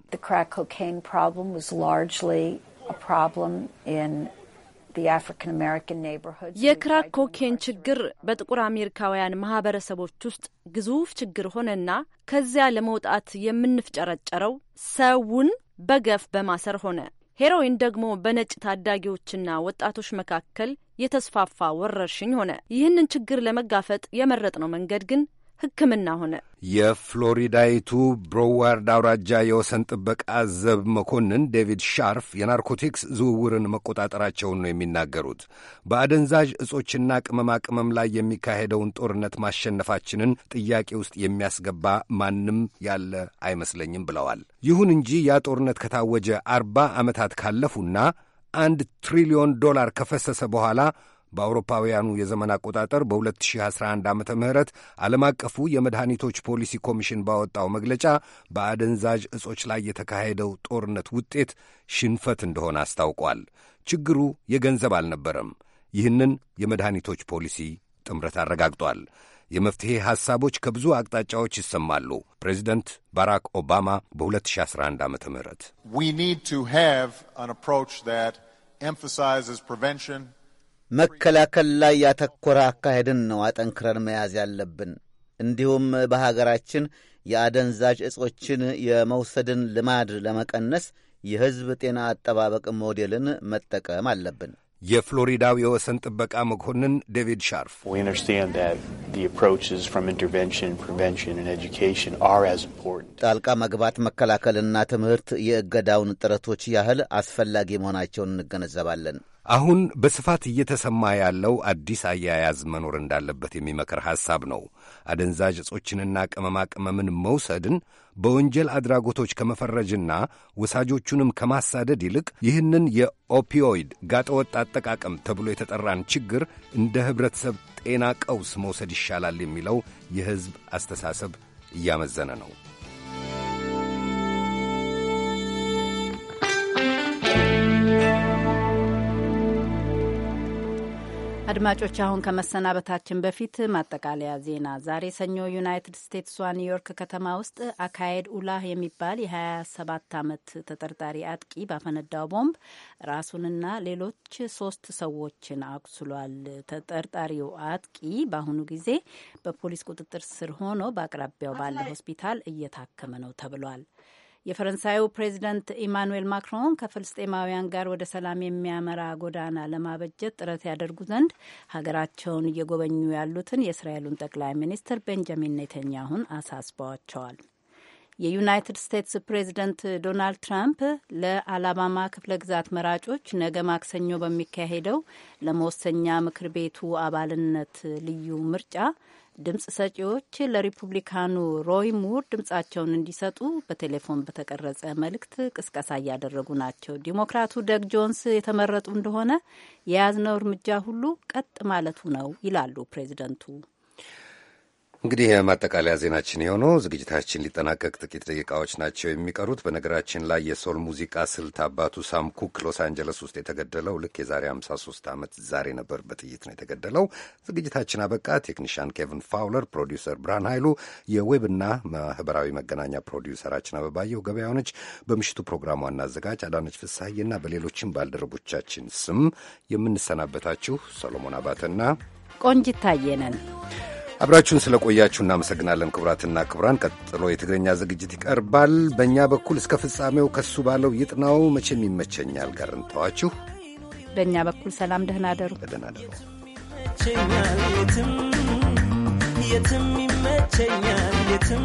የክራክ ችግር በጥቁር አሜሪካውያን ማህበረሰቦች ውስጥ ግዙፍ ችግር ሆነና ከዚያ ለመውጣት የምንፍጨረጨረው ሰውን በገፍ በማሰር ሆነ። ሄሮይን ደግሞ በነጭ ታዳጊዎችና ወጣቶች መካከል የተስፋፋ ወረርሽኝ ሆነ። ይህንን ችግር ለመጋፈጥ የመረጥነው መንገድ ግን ሕክምና ሆነ። የፍሎሪዳይቱ ብሮዋርድ አውራጃ የወሰን ጥበቃ ዘብ መኮንን ዴቪድ ሻርፍ የናርኮቲክስ ዝውውርን መቆጣጠራቸውን ነው የሚናገሩት። በአደንዛዥ እጾችና ቅመማ ቅመም ላይ የሚካሄደውን ጦርነት ማሸነፋችንን ጥያቄ ውስጥ የሚያስገባ ማንም ያለ አይመስለኝም ብለዋል። ይሁን እንጂ ያ ጦርነት ከታወጀ አርባ ዓመታት ካለፉና አንድ ትሪሊዮን ዶላር ከፈሰሰ በኋላ በአውሮፓውያኑ የዘመን አቆጣጠር በ2011 ዓ ም ዓለም አቀፉ የመድኃኒቶች ፖሊሲ ኮሚሽን ባወጣው መግለጫ በአደንዛዥ እጾች ላይ የተካሄደው ጦርነት ውጤት ሽንፈት እንደሆነ አስታውቋል። ችግሩ የገንዘብ አልነበረም። ይህንን የመድኃኒቶች ፖሊሲ ጥምረት አረጋግጧል። የመፍትሔ ሐሳቦች ከብዙ አቅጣጫዎች ይሰማሉ። ፕሬዚደንት ባራክ ኦባማ በ2011 ዓ ም ዊ ኒድ መከላከል ላይ ያተኮረ አካሄድን ነው አጠንክረን መያዝ ያለብን። እንዲሁም በሀገራችን የአደንዛዥ እጾችን የመውሰድን ልማድ ለመቀነስ የሕዝብ ጤና አጠባበቅ ሞዴልን መጠቀም አለብን። የፍሎሪዳው የወሰን ጥበቃ መኮንን ዴቪድ ሻርፍ ጣልቃ መግባት፣ መከላከልና ትምህርት የእገዳውን ጥረቶች ያህል አስፈላጊ መሆናቸውን እንገነዘባለን። አሁን በስፋት እየተሰማ ያለው አዲስ አያያዝ መኖር እንዳለበት የሚመክር ሐሳብ ነው። አደንዛዥ እጾችንና ቅመማ ቅመምን መውሰድን በወንጀል አድራጎቶች ከመፈረጅና ወሳጆቹንም ከማሳደድ ይልቅ ይህንን የኦፒዮይድ ጋጠወጥ አጠቃቀም ተብሎ የተጠራን ችግር እንደ ኅብረተሰብ ጤና ቀውስ መውሰድ ይሻላል የሚለው የሕዝብ አስተሳሰብ እያመዘነ ነው። አድማጮች አሁን ከመሰናበታችን በፊት ማጠቃለያ ዜና። ዛሬ ሰኞ ዩናይትድ ስቴትስዋ ኒውዮርክ ከተማ ውስጥ አካሄድ ኡላህ የሚባል የ27 ዓመት ተጠርጣሪ አጥቂ ባፈነዳው ቦምብ ራሱንና ሌሎች ሶስት ሰዎችን አቁስሏል። ተጠርጣሪው አጥቂ በአሁኑ ጊዜ በፖሊስ ቁጥጥር ስር ሆኖ በአቅራቢያው ባለ ሆስፒታል እየታከመ ነው ተብሏል። የፈረንሳዩ ፕሬዚደንት ኢማኑዌል ማክሮን ከፍልስጤማውያን ጋር ወደ ሰላም የሚያመራ ጎዳና ለማበጀት ጥረት ያደርጉ ዘንድ ሀገራቸውን እየጎበኙ ያሉትን የእስራኤሉን ጠቅላይ ሚኒስትር ቤንጃሚን ኔተንያሁን አሳስበዋቸዋል። የዩናይትድ ስቴትስ ፕሬዚደንት ዶናልድ ትራምፕ ለአላባማ ክፍለ ግዛት መራጮች ነገ ማክሰኞ በሚካሄደው ለመወሰኛ ምክር ቤቱ አባልነት ልዩ ምርጫ ድምፅ ሰጪዎች ለሪፑብሊካኑ ሮይ ሙር ድምፃቸውን እንዲሰጡ በቴሌፎን በተቀረጸ መልእክት ቅስቀሳ እያደረጉ ናቸው። ዲሞክራቱ ደግ ጆንስ የተመረጡ እንደሆነ የያዝነው እርምጃ ሁሉ ቀጥ ማለቱ ነው ይላሉ ፕሬዚደንቱ። እንግዲህ የማጠቃለያ ዜናችን የሆነው ዝግጅታችን ሊጠናቀቅ ጥቂት ደቂቃዎች ናቸው የሚቀሩት። በነገራችን ላይ የሶል ሙዚቃ ስልት አባቱ ሳም ኩክ ሎስ አንጀለስ ውስጥ የተገደለው ልክ የዛሬ 53 ዓመት ዛሬ ነበር። በጥይት ነው የተገደለው። ዝግጅታችን አበቃ። ቴክኒሻን ኬቪን ፋውለር፣ ፕሮዲውሰር ብርሃን ኃይሉ፣ የዌብና ማህበራዊ መገናኛ ፕሮዲውሰራችን አበባየው ገበያው ነች። በምሽቱ ፕሮግራም ዋና አዘጋጅ አዳነች ፍስሐዬና በሌሎችም ባልደረቦቻችን ስም የምንሰናበታችሁ ሰሎሞን አባተና ቆንጂት ታየ ነን። አብራችሁን ስለቆያችሁ እናመሰግናለን። ክቡራትና ክቡራን፣ ቀጥሎ የትግርኛ ዝግጅት ይቀርባል። በእኛ በኩል እስከ ፍጻሜው ከሱ ባለው ይጥናው መቼም ይመቸኛል ጋር እንተዋችሁ። በእኛ በኩል ሰላም፣ ደህና ደሩ፣ ደህና ደሩ። የትም ይመቸኛል የትም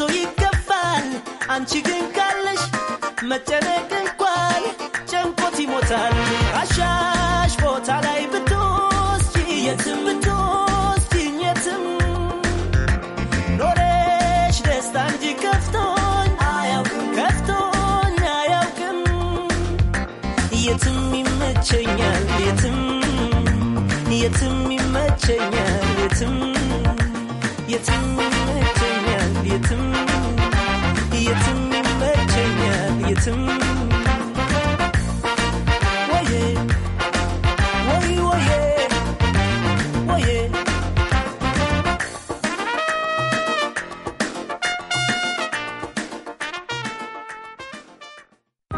ለእርሶ ይገባል። አንቺ ግን ካለሽ መጨነቅ እንኳን ጨንቆት ይሞታል። አሻሽ ቦታ ላይ ብትወስጂ የትም ብትወስጂኝ የትም ኖሬሽ ደስታ እንጂ ከፍቶኝ አያውቅም ከፍቶኝ አያውቅም። የትም ይመቸኛል የትም የትም ይመቸኛል የትም የትም የትም የትም ይመቸኛል የትም